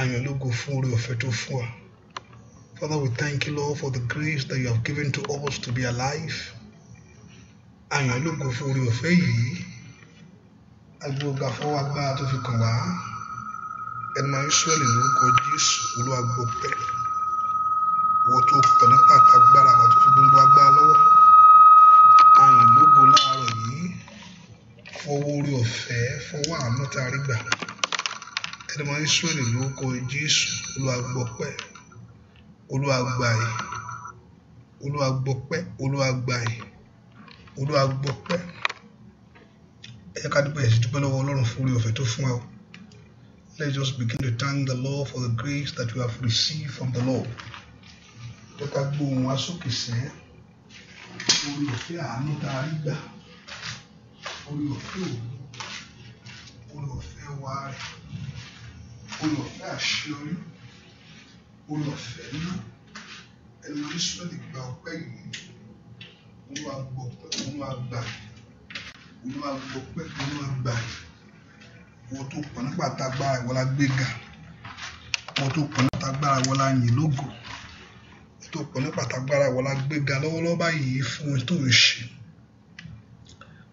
and your logo fún orí ọ̀fẹ́ tó Father, we thank you, Lord, for the grace that you have given to us to be alive. Àyàn ló go fún orí ọ̀fẹ́ yìí. Agbóògbà fọwọ́ agbára tó fi kàn wá. Ẹnu Ísírẹ́lì lórúkọ Jésù olúwagbọ̀pẹ̀. Wọ́n tó pọ̀ nípa àgbára wa tó fi gbogbo agbára lọ́wọ́. Àyàn ló go láàárọ̀ yìí. Fọwọ́ your ọ̀fẹ́ for àánú tá a rí ẹni mọ Ísírẹ́lì lórúkọ Jésù Olúwa gbọpẹ́ Olúwa gbàyè Olúwa gbọpẹ́ Olúwa gbàyè Olúwa gbọpẹ́ ẹ jẹ́ ká dúpẹ́ ẹ̀sìn dúpẹ́ lọ́wọ́ Ọlọ́run fún orí ọ̀fẹ́ tó fún ẹ o let's just begin to thank the Lord for the grace that you have received from the Lord jẹ́ ká gbóhùn wa sókè sẹ́ẹ́ orí òfé àánú tá a rí gbà orí òfé òun orí òfé wa rẹ̀ olùfẹ́ àṣeyọrí olùfẹ́ ńlá ẹni oríṣiríṣi gba ọpẹ́ yìí òun máa gbọ́ pẹ́ òun máa gbà òun máa gbọ́ pẹ́ òun máa gbà wọ́n tó pọ̀ nígbà tá a gbára ìwọ́lá gbéga wọ́n tó pọ̀ nígbà tá a gbára ìwọ́lá yìn lógo wọ́n tó pọ̀ nígbà tá a gbára ìwọ́lá gbéga lọ́wọ́lọ́wọ́ báyìí fún ohun tó ń ṣe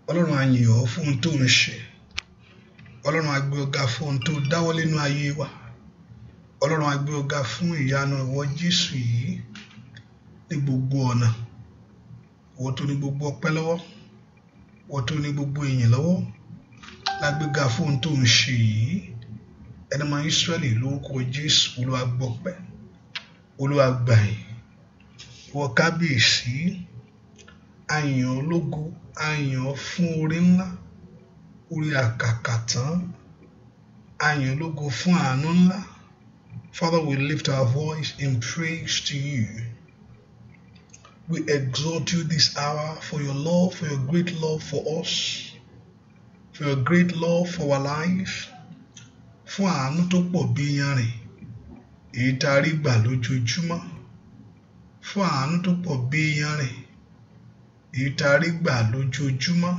ọlọ́run á ọ́ fún ohun tó ń ṣe ọlọ́run a gbé ọ̀gá fún ohun tó dáwọ́ lẹ́nu ayé wa ọlọ́run a gbé ọ̀gá fún ìyanu ìwọ jésù yìí ní gbogbo ọ̀nà ìwọ tó ní gbogbo ọpẹ́ lọ́wọ́ ìwọ tó ní gbogbo ìyìn lọ́wọ́ lágbéga fún ohun tó ń ṣe yìí ẹni máa Ísírẹ́lì lórúkọ jésù olúwa gbọpẹ́ ìwọ kábíyèsí àyàn ológo àyàn fún orí ńlá orí àkàkà tán ayàn lógo fún àánú ńlá Father we lift our voice in praise to you we exalt you this hour for your love for your great love for us for your great love for our life fún àánú tó pọ̀ bí yanrìn èyí tá a rí gbà lójoojúmọ́ fún àánú tó pọ̀ bí yanrìn èyí tá a rí gbà lójoojúmọ́.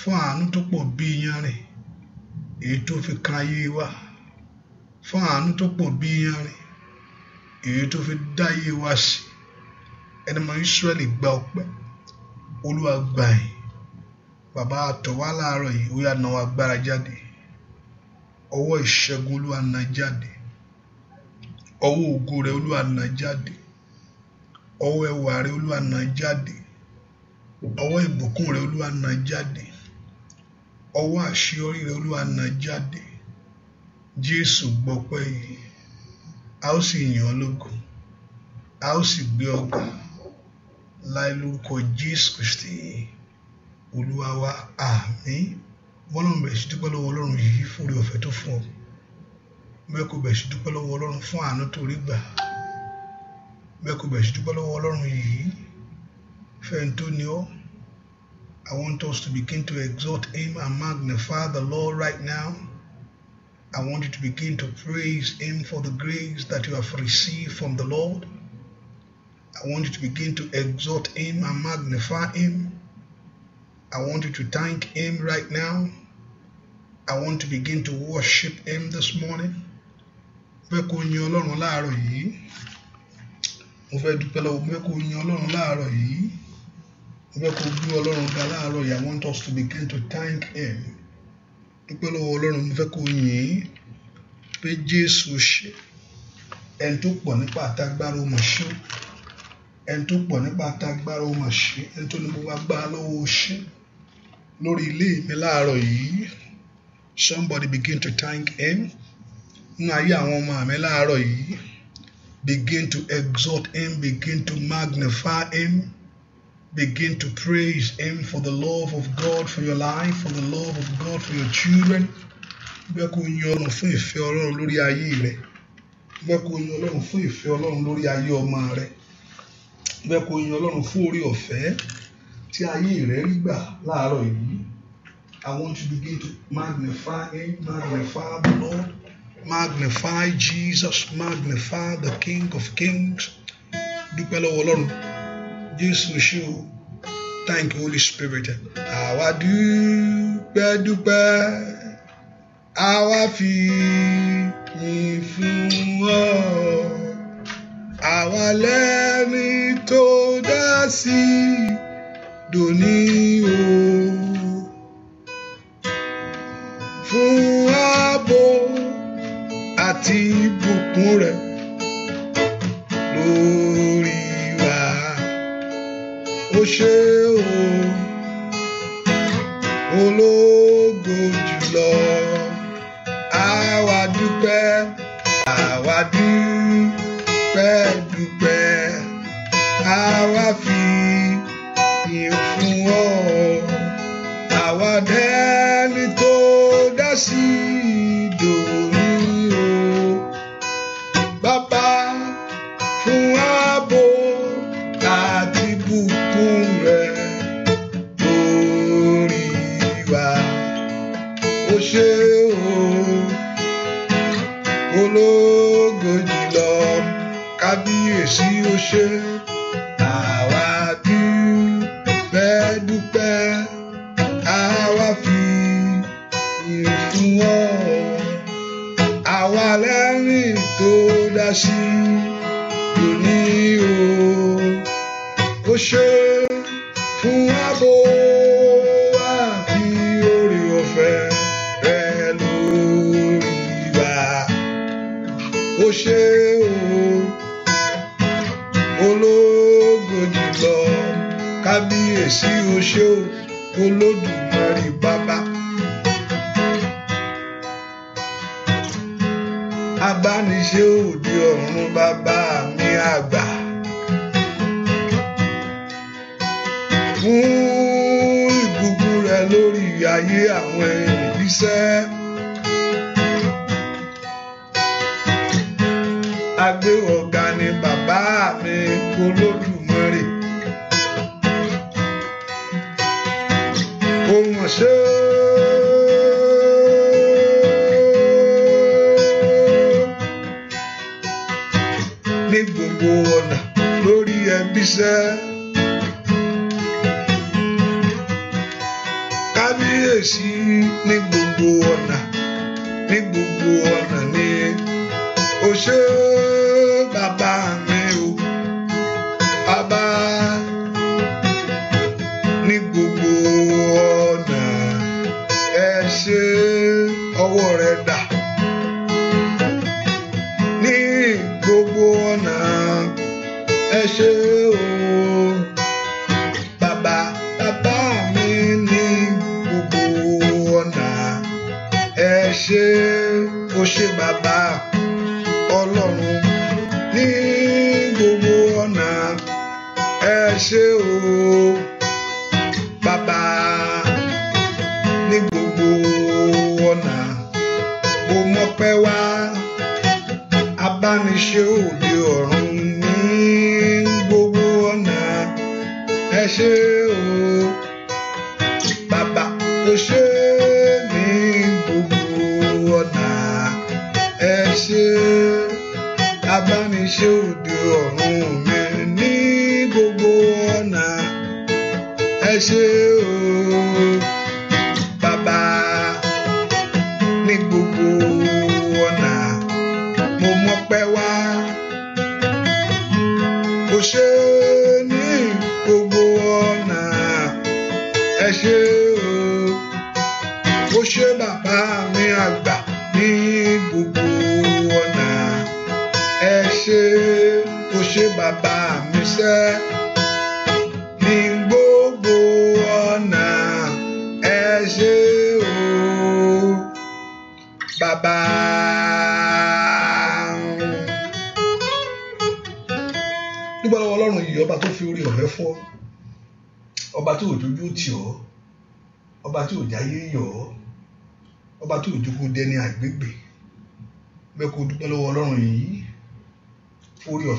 fún àánú tó pọ̀ bí iyanrìn èyí tó fi ayé wa fún àánú tó pọ̀ bí iyanrìn èyí tó fi dá ayé wa sí ẹni mọ Ísírẹ́lì gba ọpẹ́ Olúwa gbà bàbá àtọ̀wá láàárọ̀ yìí ó yá wa jáde ọwọ́ àṣeyọrí rẹ olúwa nà jáde jésù gbọpẹ́ yìí a ó sì yìn ọ́ lógo a ó sì gbé ọgbà láì lórúkọ jésù kristi olúwa wa àmín bọ́lọ́run bẹ̀rẹ̀ sí dúpẹ́ lọ́wọ́ ọlọ́run yìí fún ọ̀fẹ́ tó fún ọ bẹ́ẹ̀ bẹ̀rẹ̀ sí dúpẹ́ lọ́wọ́ ọlọ́run fún àánú tó rí gbà bẹ́ẹ̀ bẹ̀rẹ̀ sí dúpẹ́ lọ́wọ́ ọlọ́run yìí fẹ́ni tó ọ́. I want us to begin to exalt Him and magnify the Lord right now. I want you to begin to praise Him for the grace that you have received from the Lord. I want you to begin to exalt Him and magnify Him. I want you to thank Him right now. I want to begin to worship Him this morning. Mo fẹ́ dúpẹ́ lọ́wọ́ yin Ọlọ́run láàárọ̀ yìí. ẹgbẹ́ I want us to begin to thank him dúpẹ́ lọ́wọ́ ọlọ́run mo fẹ́ kó yìn pé Jésù ṣe ẹni tó pọ̀ nípa àtagbára ó mà ṣe ẹni tó pọ̀ nípa àtagbára ó mà ṣe ẹni tó ní gbogbo agbára lọ́wọ́ ó ṣe lórí ilé mi láàárọ̀ yìí somebody begin to thank him nínú ayé àwọn ọmọ àmì láàárọ̀ yìí begin to exalt him begin to magnify him. Begin to praise Him for the love of God for your life, for the love of God for your children. Bẹ́ẹ̀ kò yin I want you to begin to magnify Him, magnify the Lord, magnify Jesus, magnify the King of Kings. Dúpẹ́ Ọlọ́run. Jésù ṣe o thank you Holy Spirit àwa dúpẹ́ dúpẹ́ àwa fi yìn fún ọ àwa lẹ́ni tó dá sí dòní o fún ààbò àti ìbùkún rẹ̀. ṣe o ológo jùlọ àwa dúpẹ́ àwa dúpẹ́ dúpẹ́ àwa fi ìyìn fún ọ àwa dẹ́ni tó dá sí ìdòwú o bàbá fún.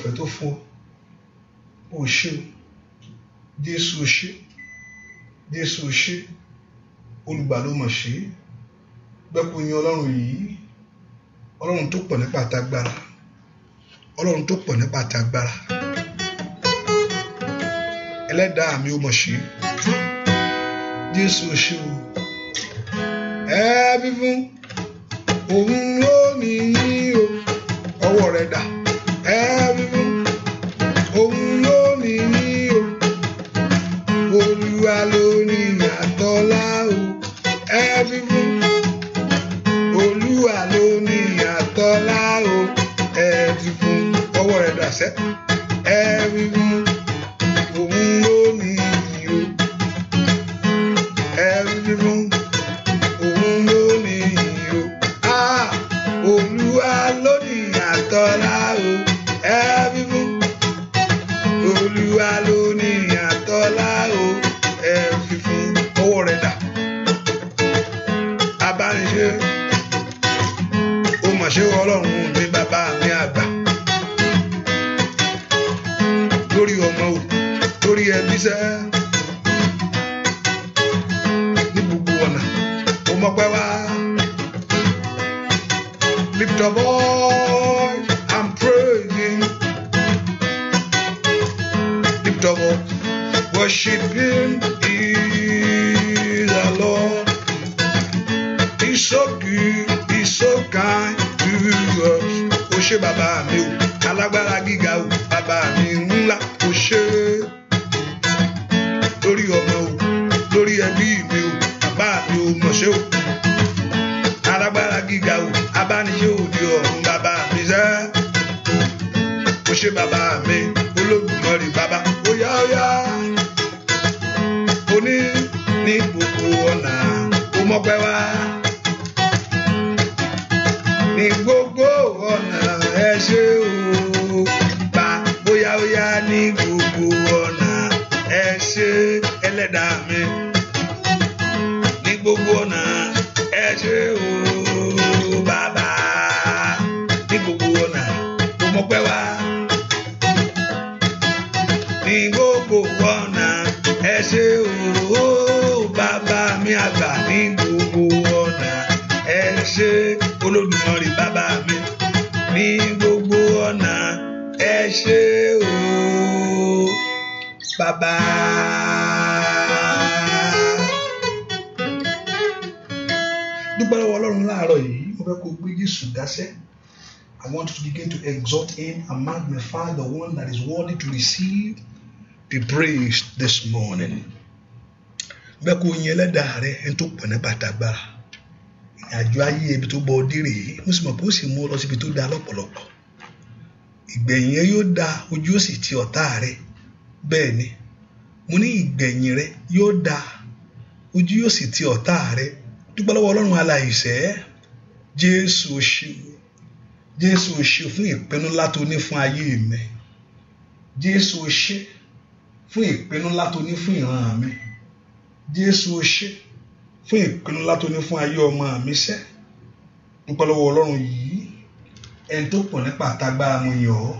ọ̀fẹ́ tó fún ọ o ṣé o Jésù o ṣé Jésù o ṣé olùgbà ló mọ̀ ṣe gbẹ́kú yín ọlọ́run yìí ọlọ́run tó pọ̀ nípa tagbára ọlọ́run tó pọ̀ nípa tagbára ẹlẹ́dàá mi ó mọ̀ ṣe Jésù o ṣé o ẹ bí fún òun ló nìyí o ọwọ́ rẹ̀ dà. certo? foni ní gbogbo ọ̀nà ó mọ́pẹ́ wá. ní gbogbo ọ̀nà ẹ ṣé o. bàbá. dúpẹ́ lọ́wọ́ ọlọ́run láàárọ̀ yìí mo fẹ́ kó gbé Jésù dáṣẹ́. I want to begin to exhort him and magnify the one that is worthy to receive the praise this morning. Bẹ́ẹ̀ kó yin ẹlẹ́dàá rẹ ẹni tó pọ̀ ní bàtàgbà. Ìrìnàjò ayé ibi tó gbọ́ ọdí rèé, mo sì mọ̀ pé ó sì mú ọ lọ síbi tó dáa lọ́pọ̀lọpọ̀. Ìgbẹ̀yìn yóò da ojú ó sì ti ọ̀tá rẹ̀ bẹ́ẹ̀ ni mo ní ìgbẹ̀yìn rẹ yóò dáa ojú yóò sì ti ọ̀tá rẹ dúpẹ́ lọ́wọ́ ọlọ́run aláìṣẹ́ jésù o ṣé jésù o ṣé fún ìpinnu ńlá tó ní fún ayé mi jésù o ṣé fún ìpinnu ńlá tó ní fún ìran mi jésù o fún ìpinnu ńlá tó fún ayé ọmọ mi sẹ́ dúpẹ́ lọ́wọ́ yìí ẹni tó pọ̀ nípa àtagbára mo yàn ọ́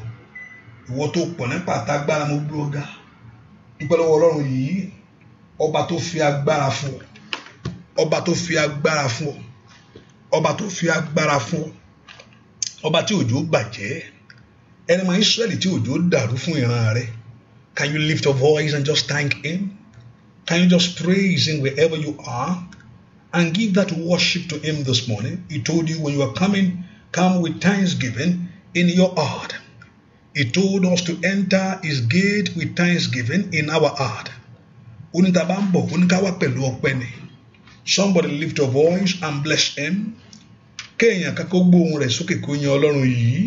ìwọ tó pọ̀ nípa àtàgbára mo dúró ga dúpẹ́ ọlọ́run yìí ọba tó fi agbára fún ọ ọba tó fi agbára fún ọ ọba tó fi agbára fún ọ ọba tí òjò bàjẹ́ ẹni mọ Ísírẹ́lì tí òjò dàrú fún ìran rẹ can you lift your voice and just thank him can you just praise him wherever you are and give that worship to him this morning he told you when you are coming come with thanksgiving in your heart. He told us to enter his gate with thanksgiving in our heart. Somebody lift your voice and bless him. kéèyàn kankan gbóhùn rẹ̀ sókè kó yan ọlọ́run yìí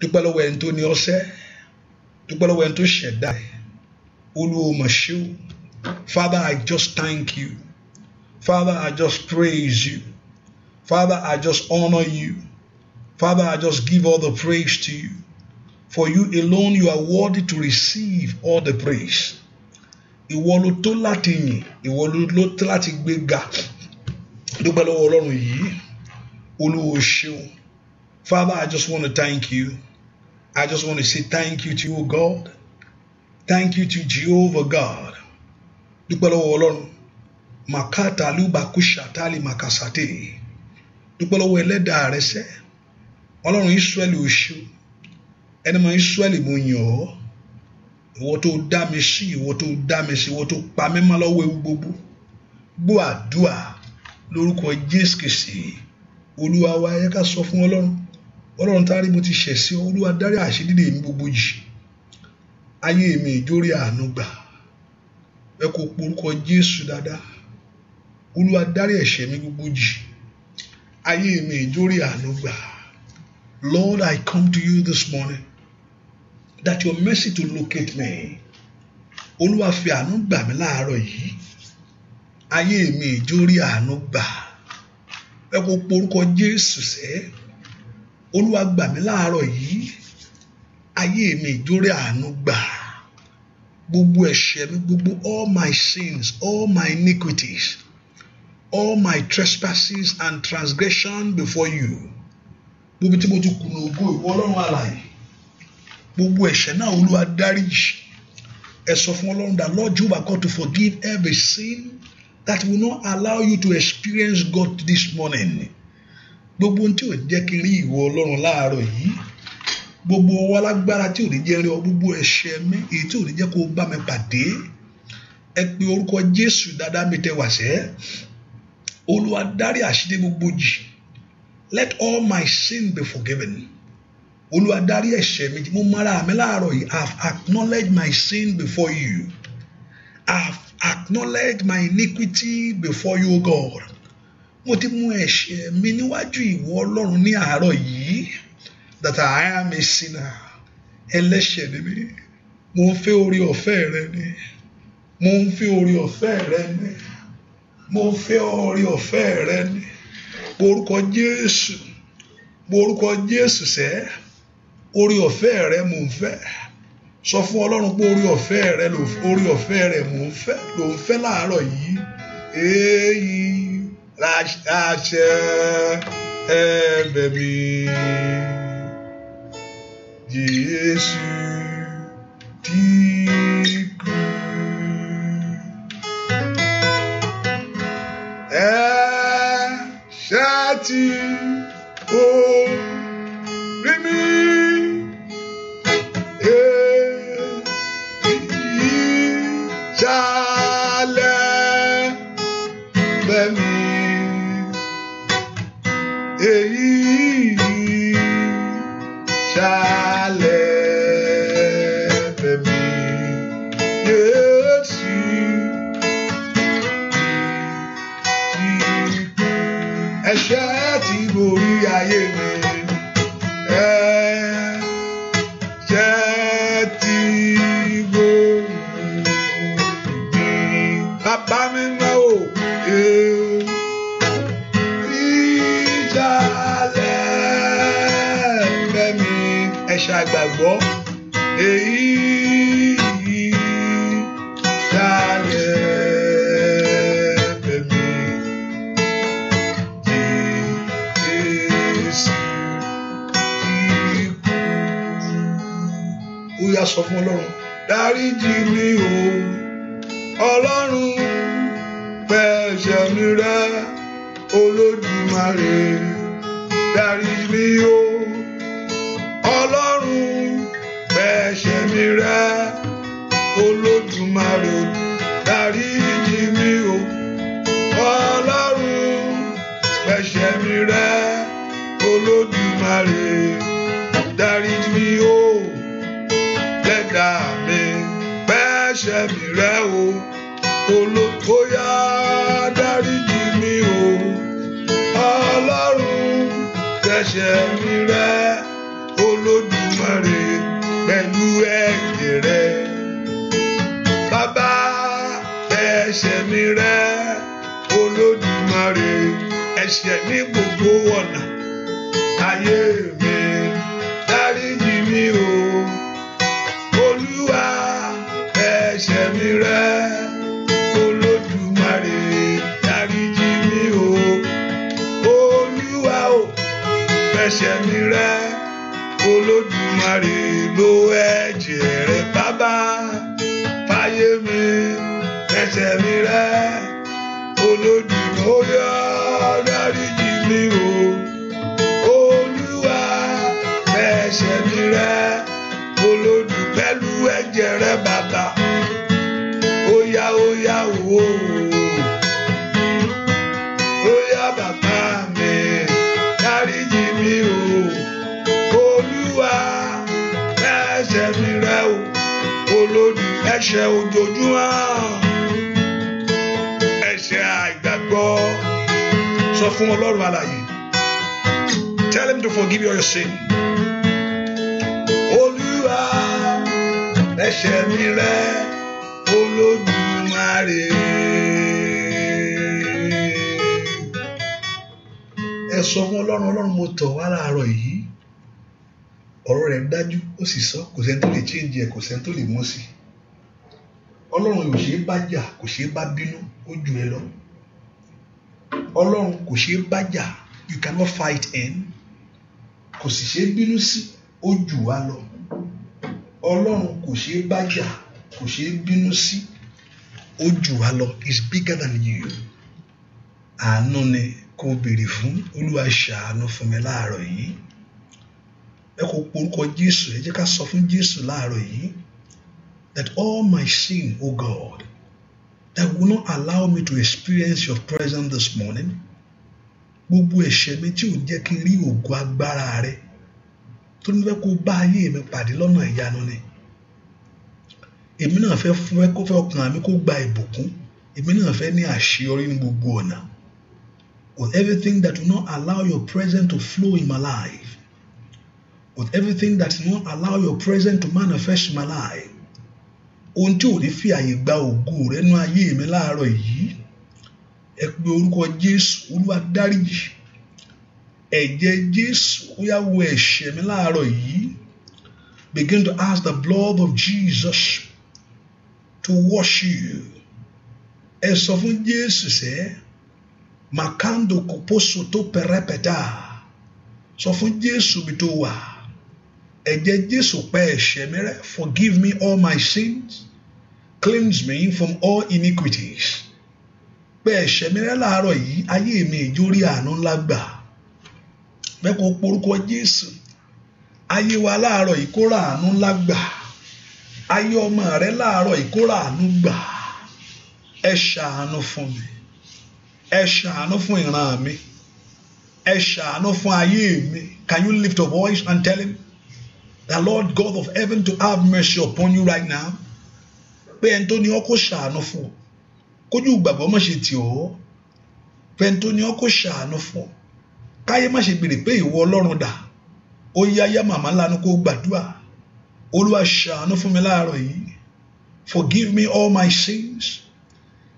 dúpẹ́ lọ́wọ́ ẹni tó ní ọṣẹ́ dúpẹ́ lọ́wọ́ ẹni tó ṣẹ̀dá ẹ̀ Father, I just thank you. Father, I just praise you. Father, I just honour you. Father, I just give all the praise to you. For you alone you are worthy to receive all the praise. Ìwọ ló tó láti yìn, ìwọ ló tó láti gbéga. Dúpẹ́ lọ́wọ́ Ọlọ́run yìí, Olúwo ṣeun. Father, I just want to thank you. I just want to say thank you to you, God. Thank you to Jehovah God. Dúpẹ́ lọ́wọ́ Ọlọ́run. Màkàtà lùbàkúṣàtàlì màkàsàtè. Dúpẹ́ lọ́wọ́ ẹlẹ́dàá rẹ sẹ́. Ọlọ́run Ísírẹ́lì ò ṣeun. ẹni mọ Ísírẹ́lì mo yàn ọ́ ìwọ tó dá mi sí ìwọ tó dá mi sí ìwọ tó pa mí mọ́ lọ́wọ́ ewu gbogbo gbọ́ àdúà lórúkọ Jésù Kristi olúwa wa ẹ ká sọ fún ọlọ́run ọlọ́run tá a rí mo ti ṣẹ̀ sí olúwa dárí àṣedídè mi gbogbo jì ayé mi ìjórí àánú gbà ẹ kò porúkọ Jésù dáadáa olúwa dárí ẹ̀ṣẹ̀ mi gbogbo jì ayé mi ìjórí àánú gbà Lord, I come to you this morning that your mercy to locate me olúwa fi àánú gbà mí láàárọ̀ yìí ayé mi ìjórí àánú gbà ẹ kò porúkọ jésù sẹ́ olúwa gbà mí láàárọ̀ yìí ayé mi ìjórí àánú gbà gbogbo ẹ̀ṣẹ̀ mi gbogbo all my sins all my iniquities all my trespasses and transgression before you gbogbo tí mo ti kùnà ògo ìwọ ọlọ́run gbogbo ẹ̀ṣẹ̀ náà olúwa dáríjì ẹ sọ fún ọlọ́run that lord jehovah god to forgive every sin that will not allow you to experience god this morning gbogbo ohun tí ò jẹ́ kí n rí ìwọ ọlọ́run láàárọ̀ yìí gbogbo ọwọ́ alágbára tí ò ní jẹ́ rí ọ gbogbo ẹ̀ṣẹ̀ mi èyí tí ò ní jẹ́ kó bá mi pàdé ẹ pe orúkọ jésù dáadáa mi tẹ wá sẹ́ olúwa àṣírí gbogbo jì let all my sin be forgiven olúwa ẹ̀ṣẹ̀ mi mo mara mi láàárọ̀ yìí i have acknowledged my sin before you i have acknowledged my iniquity before you god mo ti mú ẹ̀ṣẹ̀ mi níwájú ìwọ ọlọ́run ní àárọ̀ yìí that i am a sinner ẹlẹ́ṣẹ̀ ni mí mo ń fẹ́ orí ọ̀fẹ́ rẹ ni mo ń fẹ́ orí ọ̀fẹ́ rẹ ni mo ń fẹ́ orí ọ̀fẹ́ rẹ ni orúkọ jésù orúkọ jésù sẹ́ẹ́ orí ọ̀fẹ́ rẹ mò ń fẹ́ sọ fún ọlọ́run pé orí ọ̀fẹ́ rẹ orí ọ̀fẹ́ rẹ mò ń fẹ́ ló ń fẹ́ láàárọ̀ yìí èyí àṣẹ ẹ̀bẹ̀ mi Jésù tí kú ẹ̀ṣẹ̀ Hey. How did you ẹ̀ṣẹ̀ mi rẹ́ olódùmarè lo ẹ̀jẹ̀ rẹ bàbá fáyé mi ẹ̀ṣẹ̀ mi rẹ́ olódùmarè ó yọ dáríjì mi o. ẹ̀ṣẹ̀ ojoojúmọ́ ẹ̀ṣẹ̀ àìgbàgbọ́ sọ fún Ọlọ́run alààyè tell him to forgive your sin Olúwa ẹ̀ṣẹ̀ mi rẹ Olódùmarè ẹ sọ fún Ọlọ́run Ọlọ́run mo tọ̀ wá láàárọ̀ yìí ọ̀rọ̀ rẹ̀ dájú ó sì sọ kò sẹ́ni tó lè change ẹ̀ kò sẹ́ni tó lè mú sí i ọlọ́run ò ṣeé bá jà kò ṣeé bá bínú ó jù ẹ lọ ọlọ́run kò ṣeé bá jà you cannot fight him kò sì ṣeé bínú sí ó jù wá lọ ọlọ́run kò ṣeé bá jà kò ṣeé bínú sí ó jù wá lọ is bigger than you àánú ni kò béèrè fún olúwa ṣàánú fún mi láàárọ̀ yìí ẹ kò porúkọ jésù ẹ jẹ́ ká sọ fún jésù láàárọ̀ yìí. that all my sin, O God, that will not allow me to experience your presence this morning, gbogbo ẹ̀ṣẹ̀ mi tí ò jẹ́ kí n rí ògo agbára rẹ tó ní fẹ́ kó bá ayé mi pàdé lọ́nà ìyanu ni èmi náà fẹ́ fún ẹ kó fẹ́ ọkàn mi kó gba ìbùkún èmi náà fẹ́ ní àṣeyọrí ní gbogbo ọ̀nà with everything that will not allow your presence to flow in my life with everything that will not allow your presence to manifest in my life ohun tí ò ní fi àyè gba ògo rẹ nú ayé mi láàárọ̀ yìí ẹ pe orúkọ jésù olúwa dáríjì ẹ̀jẹ̀ jésù ó yá wò ẹ̀ṣẹ̀ mi láàárọ̀ yìí begin to ask the blood of jesus to wash you ẹ sọ fún jésù sẹ makando koposo tó pẹrẹpẹta sọ fún jésù bí tó wà ẹ̀jẹ̀ Jésù pa ẹ̀ṣẹ̀ mi rẹ́ forgive me all my sins cleanse me from all iniquities pé ẹ̀ṣẹ̀ mi rẹ́ láàárọ̀ yìí ayé mi ìjórí àánú ńlá gbà bẹ́ẹ̀ kó porúkọ Jésù ayé wa láàárọ̀ yìí kó ra àánú ńlá gbà ayé ọmọ rẹ láàárọ̀ yìí kó ra àánú gbà ẹ ṣàánú fún mi ẹ ṣàánú fún ìran mi ẹ ṣàánú fún ayé mi can you lift your voice and tell him the Lord God of heaven to have mercy upon you right now pé ẹni tó ní ọ kó ṣàánú fún ọ kójú ìgbàgbọ́ má ṣe tì ọ́ pé ẹni tó ní ṣàánú fún ọ káyé má ṣe pé ìwọ ọlọ́run dà ó màmá lanu kó gbàdúrà olúwa ṣàánú fún mi láàárọ̀ yìí forgive me all my sins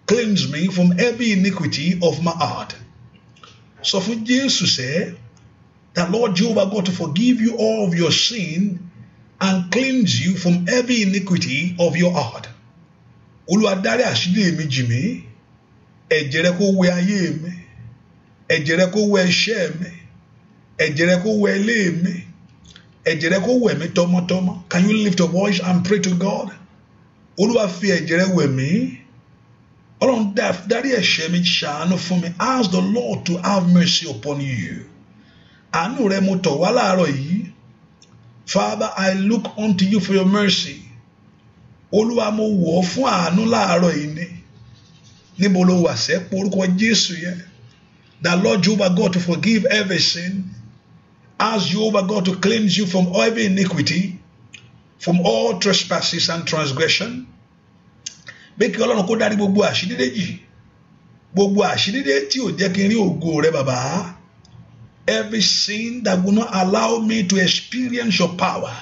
cleanse me from every iniquity of my heart sọ fún Jésù sẹ́ẹ́ that Lord Jehovah God to forgive you all of your sin and cleanse you from every iniquity of your heart. Olúwa dárí àṣírí èmi jì mí, ẹ̀jẹ̀ rẹ kó wẹ ayé mi, ẹ̀jẹ̀ rẹ kó wẹ iṣẹ́ mi, ẹ̀jẹ̀ rẹ kó wẹ mi, ẹ̀jẹ̀ rẹ kó wẹ̀ mí tọmọtọmọ. Can you lift your voice and pray to God? Olúwa fi ẹ̀jẹ̀ rẹ wẹ̀ mí. Ọlọ́run dárí ẹ̀ṣẹ̀ mi ṣàánú fún mi. Ask the Lord to have mercy upon you. àánú rẹ mo tọ̀ wá láàárọ̀ yìí Father I look unto you for your mercy olúwa mo wọ̀ ọ́ fún àánú láàárọ̀ yìí ni níbo ló wà sẹ́ porúkọ Jésù yẹn that Lord Jehovah God to forgive every sin ask Jehovah God to cleanse you from every iniquity from all trespasses and transgression bí kí Ọlọ́run kó dárí gbogbo àṣídédé jì gbogbo àṣídédé tí ò jẹ́ kí n rí ògo rẹ bàbá. Every sin that will not allow me to experience your power.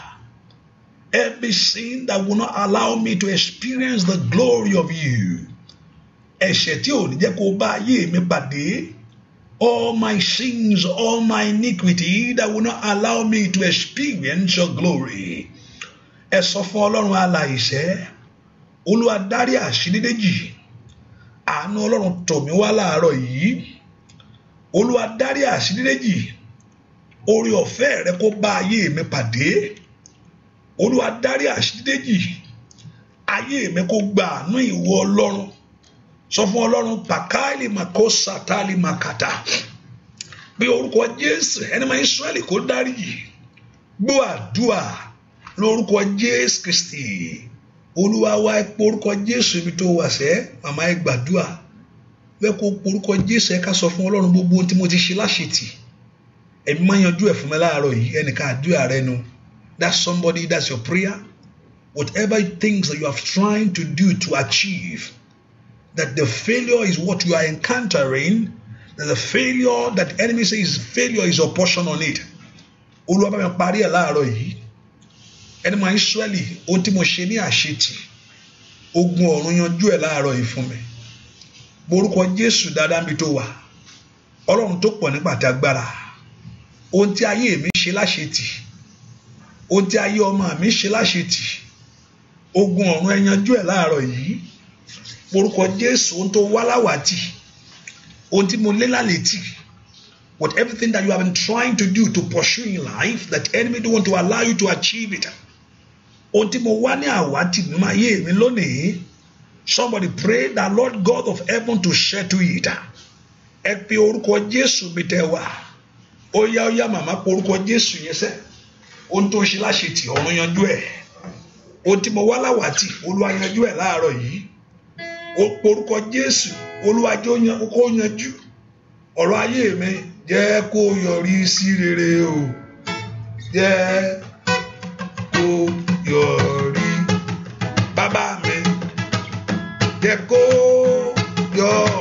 Every sin that will not allow me to experience the glory of you. All my sins, all my iniquity that will not allow me to experience your glory. Ẹ fún Ọlọ́run alàìṣẹ́. Olúwa dárí àṣírí déjì. Àánú Ọlọ́run tọ̀ mí wá láàárọ̀ yìí. olúwa dárí àṣíríréjì orí ọ̀fẹ́ rẹ kó bá ayé mi pàdé olúwa dárí àṣíríréjì ayé mi kó gba àánú ìwọ ọlọ́run sọ fún ọlọ́run pàkáìlì màkó sátálì màkàtà bí orúkọ jésù ẹni máa israẹli kó dárí gbọ́ àdúà lórúkọ jésù kristi olúwa wá ipò orúkọ jésù ibi tó wà sẹ́ màmá ẹ gbàdúà. bẹ́ẹ̀ kó jésù ẹ ká sọ fún ọlọ́run gbogbo ohun tí mo ti ṣe ẹ̀mí máa yanjú ẹ̀ fún mi láàárọ̀ yìí ẹnìkan àdúrà rẹ nu that's somebody that's your prayer whatever things that you are trying to do to achieve that the failure is what you are encountering that the failure that the enemy says failure is your portion on it olúwa bá mi parí ẹ̀ láàárọ̀ yìí ẹni máa ń ohun tí mo ṣe ní àṣetì ogun ọ̀run yanjú ẹ̀ láàárọ̀ yìí fún mi. borúkọ jésù dáadáa mi tó wà ọlọ́run tó pọ̀ nípa àti agbára ohun tí ayé mi ṣe láṣetì ohun tí ayé ọmọ mi ṣe láṣetì ogun ọ̀run ẹyanjú ẹ̀ láàárọ̀ yìí borúkọ jésù ohun tó wá láwàtì ohun tí mo lé lálẹ́tì what everything that you have been trying to do to pursue in life that enemy don't want to allow you to achieve it ohun tí mo wá ní àwátì nínú ayé mi lónìí. Somebody pray the Lord God of heaven to settle it. Ẹ pe orúkọ Jésù mi tẹ wá. Ó yá ó yá màmá pe orúkọ Jésù yẹn sẹ́. Ohun tó ń ṣe láṣetì ọ̀run yanjú ẹ̀. Ohun tí mo wá láwàtì Olúwa yanjú ẹ̀ láàárọ̀ yìí. Ó pe orúkọ Jésù Olúwa jẹ́ kó yanjú. Ọ̀rọ̀ ayé mi jẹ́ kó yọrí sí rere o. Jẹ́ kó yọrí. Bàbá mi. Dem go your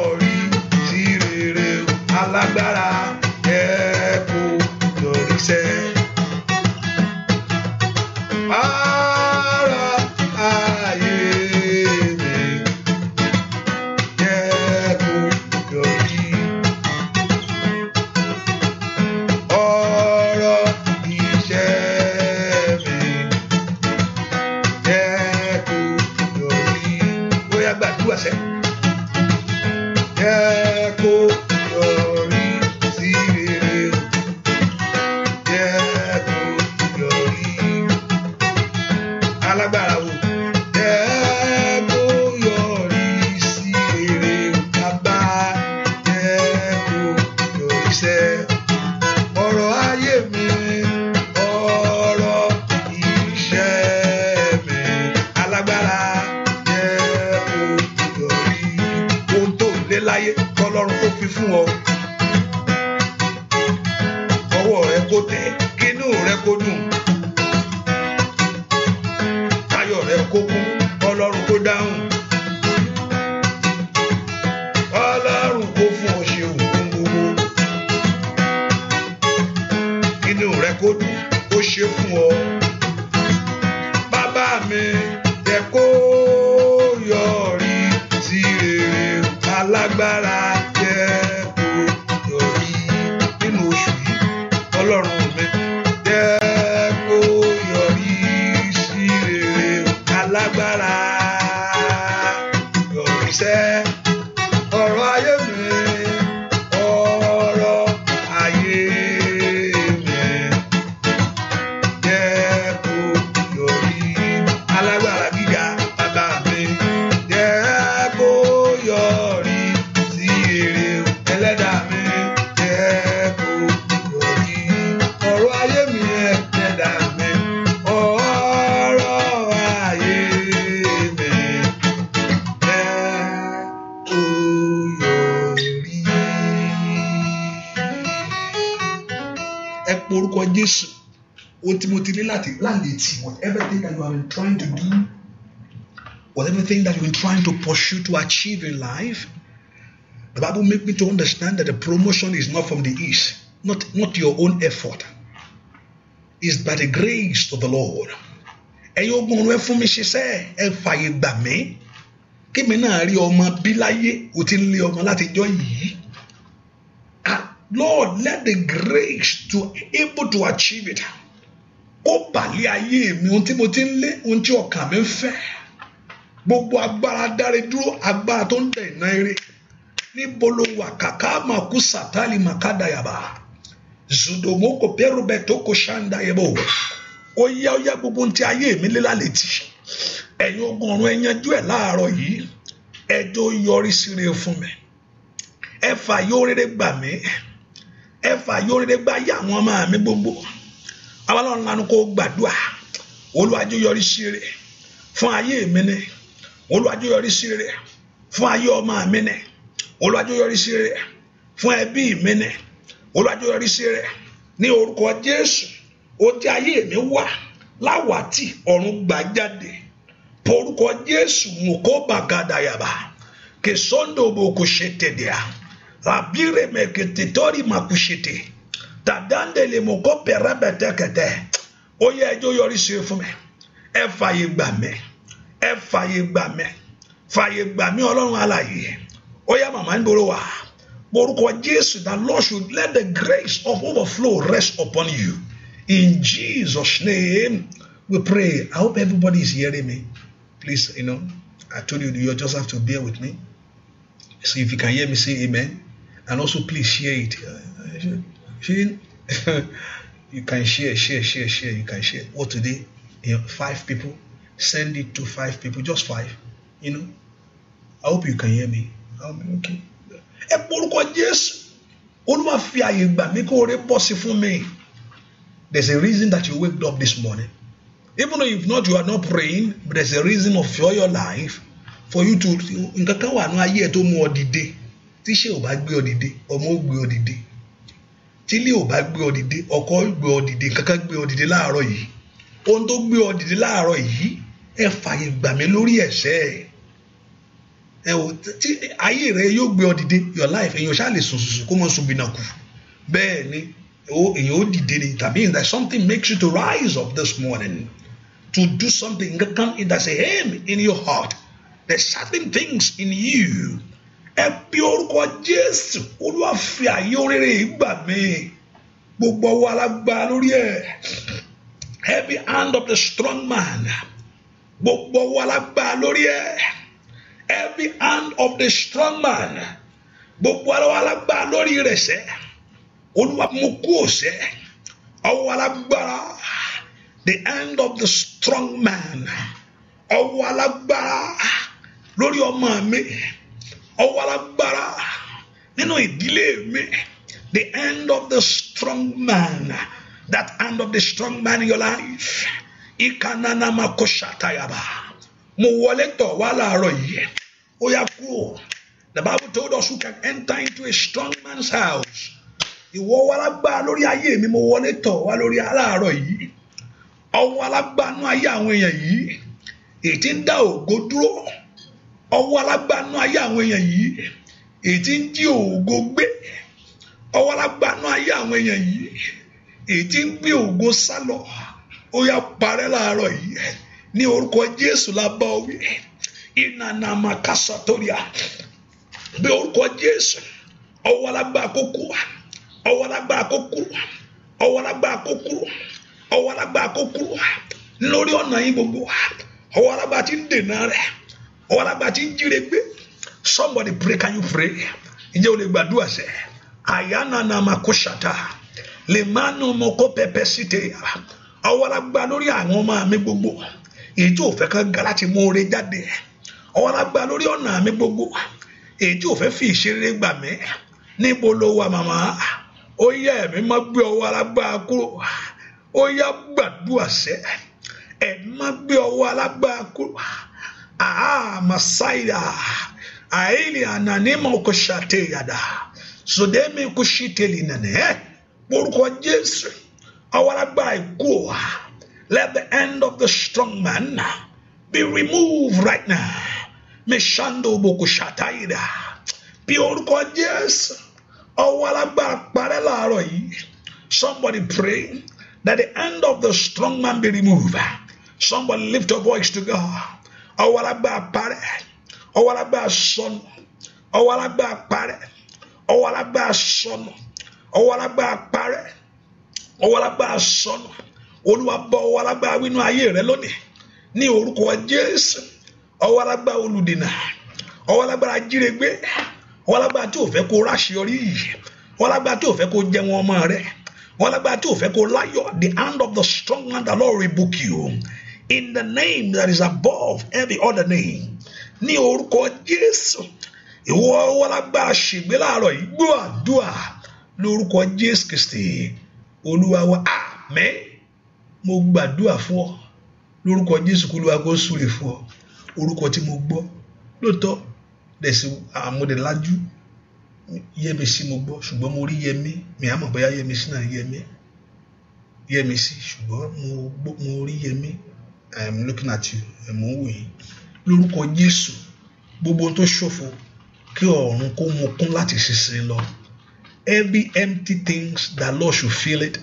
我。thing that you've been trying to pursue to achieve in life, the Bible makes me to understand that the promotion is not from the east, not, not your own effort. It's by the grace of the Lord. And you're ẹ̀yin ogun ọ̀run ẹ fún mi fire ẹ me. gbà mí kémi náà rí ọmọ bí láyé o ti ń lé ọmọ látijọ́ yìí ah Lord let the grace to able to achieve it kó bàlẹ́ ayé mi ohun tí mo ti ń lé ohun tí ọkàn mi ń fẹ́. gbogbo agbára dáre dúró agbára tó ń tẹ̀ iná eré níbo ló wà kàkà màkú sàtálì màkàdà yàbá zùdòmókò pẹrùbẹ tó kò ṣáńdà yẹbọ ó yá ó yá gbogbo ti ayé mi lélá létí ẹ̀yin ogun ọ̀run ẹ yanjú ẹ̀ láàárọ̀ yìí ẹjọ́ yọrí síre fún mi ẹ fà yóò rere gbà mí ẹ fà yóò rere gbà yá àwọn ọmọ mi gbogbo àwọn lanu kó gbàdúrà olùwàjò yọrí síre fún ayé mi ni olùwàjò yọrí sí rere fún ayé ọmọ mi nẹ olùwàjò yọrí sí rere fún ẹbí mi nẹ olùwàjò yọrí sí rere ní orúkọ Jésù ojú ayé mi wà láwàtì ọ̀run gbà jáde porúkọ Jésù mùkó bàgàdàyàbà kẹsọ́ndò bòkù ṣètèdèà rabire mẹkẹtẹtọ́rì màkùṣètè tàdáńdẹ̀lẹ̀ mùkó pẹ̀rẹ́bẹ̀tẹ̀kẹ̀tẹ̀ ó yẹ ẹjọ́ yọrí sí fún mi ẹ fààyè gbà mí. ẹ fàyè gbà mí fàyè gbà mí ọlọ́run alàyè ó yá màmá ń bolo wà orúkọ jésù that lord should let the grace of overflow rest upon you in jesus name we pray i hope everybody is hearing me please you know i told you you just have to bear with me so if you can hear me say amen and also please share it you can share share share share you can share what today you know, five people send it to five people just five you know i hope you can hear me i'm okay ẹ porúkọ jésù olúwa fi àyè gbà mí kó oore bọ̀ sí fún mi there's a reason that you waked up this morning even though if not you are not praying but there's a reason of for your life for you to nǹkan kan wà ní ayé ẹ tó mú ọ dìde tí ṣé ò bá gbé ọ dìde ọmọ ò gbé ọ dìde tílé ò bá gbé ọ dìde ọkọ gbé ọ dìde kankan gbé ọ dìde láàárọ̀ yìí ohun tó gbé ọ dìde láàárọ̀ yìí ẹ fààyè gbà mí lórí ẹ̀ṣẹ̀ ẹ o tí ayé rẹ yóò gbé ọ dìde your life èyàn ṣáà lè sùn sùn kó mọ sùn bìnà kù bẹ́ẹ̀ ni èyàn ó dìde ni tàbí that something makes you to rise up this morning to do something nǹkan kan that's a aim in your heart there's certain things in you ẹ bí orúkọ Jésù Olúwa fi àyè oréré ìgbà mi gbogbo ọwọ́ alágbá lórí ẹ every hand of the strong man gbogbo wa la gbà lórí ẹ every hand of the strong man gbogbo wa la gbà lórí rẹ̀ sẹ olúwa mú kú òsẹ ọwọ́ alágbára the end of the strong man ọwọ́ alágbára lórí ọmọ mi ọwọ́ alágbára nínú ìdílé mi the end of the strong man that end of the strong man in your life. ikananamako shatayaba mo Mu tọ̀ wá láàárọ̀ yìí ó o the bible told us who can enter into a strong man's house ìwọ wá lágbára lórí aye mi mo wole lórí aláàárọ̀ yìí ọwọ́ alágbánú ó ya parẹ́ láàárọ̀ yìí ní orúkọ Jésù la bá ọ wí ìnànàmà kásátọ́ríà bí orúkọ Jésù ọwọ́ àkókò wa ọwọ́ àkókò wa ọwọ́ àkókò wa ọwọ́ àkókò wa lórí ọ̀nà gbogbo wa ti ń dènà rẹ ọwọ́ ti ń jíire gbé somebody pray can you pray ǹjẹ́ o lè gbàdúrà sẹ́ lè nu ọwọ́ lágbá lórí àwọn ọmọ mi gbogbo èyí tí ò fẹ́ kán ga láti mú oore jáde ọwọ́ lágbá lórí ọ̀nà mi gbogbo èyí tí ò fẹ́ fi ìṣeré gbà mí níbo ló wà màmá ó yẹ ẹ̀mí má gbé ọwọ́ alágbára kúrò ó yá gbàdúrà sẹ́ ẹ̀mí má gbé ọwọ́ alágbára kúrò àá màsáìlà àìlì ànànímọ̀ kò ṣàtẹ̀yàdà sòdẹ́mi kò ṣì tẹ̀lé nànẹ́ orúkọ Jésù. Let the end of the strong man be removed right now. Meshando Bokushataida. Bí orúkọ Jésù, ọwọ́ alágbára parẹ́ láàárọ̀ Somebody pray that the end of the strong man be removed. Somebody lift your voice to God. Ọwọ́ alágbára parẹ́. Ọwọ́ alágbára sọnù. Ọwọ́ alágbára parẹ́. Ọwọ́ alágbára sọnù. Ọwọ́ alágbára parẹ́. ọwọ́ alágbára sọnù olúwa bọ́ ọwọ́ alágbára wínú ayé rẹ lónìí ní orúkọ jésù ọwọ́ alágbára olùdènà ọwọ́ alágbára jíregbé ọwọ́ alágbára tí ò fẹ́ kó ráṣeyọrí yìí ọwọ́ tí ò fẹ́ kó jẹun ọmọ rẹ ọwọ́ tí ò fẹ́ kó láyọ̀ the hand of the strong man that Lord rebuke you in the name that is above every other name ní orúkọ jésù ìwọ ọwọ́ alágbára ṣègbè láàárọ̀ yìí gbọ́ àdúrà lórúkọ jésù kristi olúwa wa àmín mo gbàdúrà fún ọ lórúkọ jésù kí olúwa kó súre fún ọ orúkọ tí mo gbọ́ lóòótọ́ dẹ̀sí àmúdẹ̀lájú yẹmísí mo gbọ́ ṣùgbọ́n mo rí yẹmí mi àmọ̀ bóyá yẹmísí náà yẹmí yẹmísí ṣùgbọ́n mo rí yẹmí I looking at you ẹ̀mọ́ wò yìí lórúkọ jésù gbogbo tó ṣòfò kí ọ̀run kó mu kún láti ṣiṣẹ́ lọ every empty things that Lord should fill it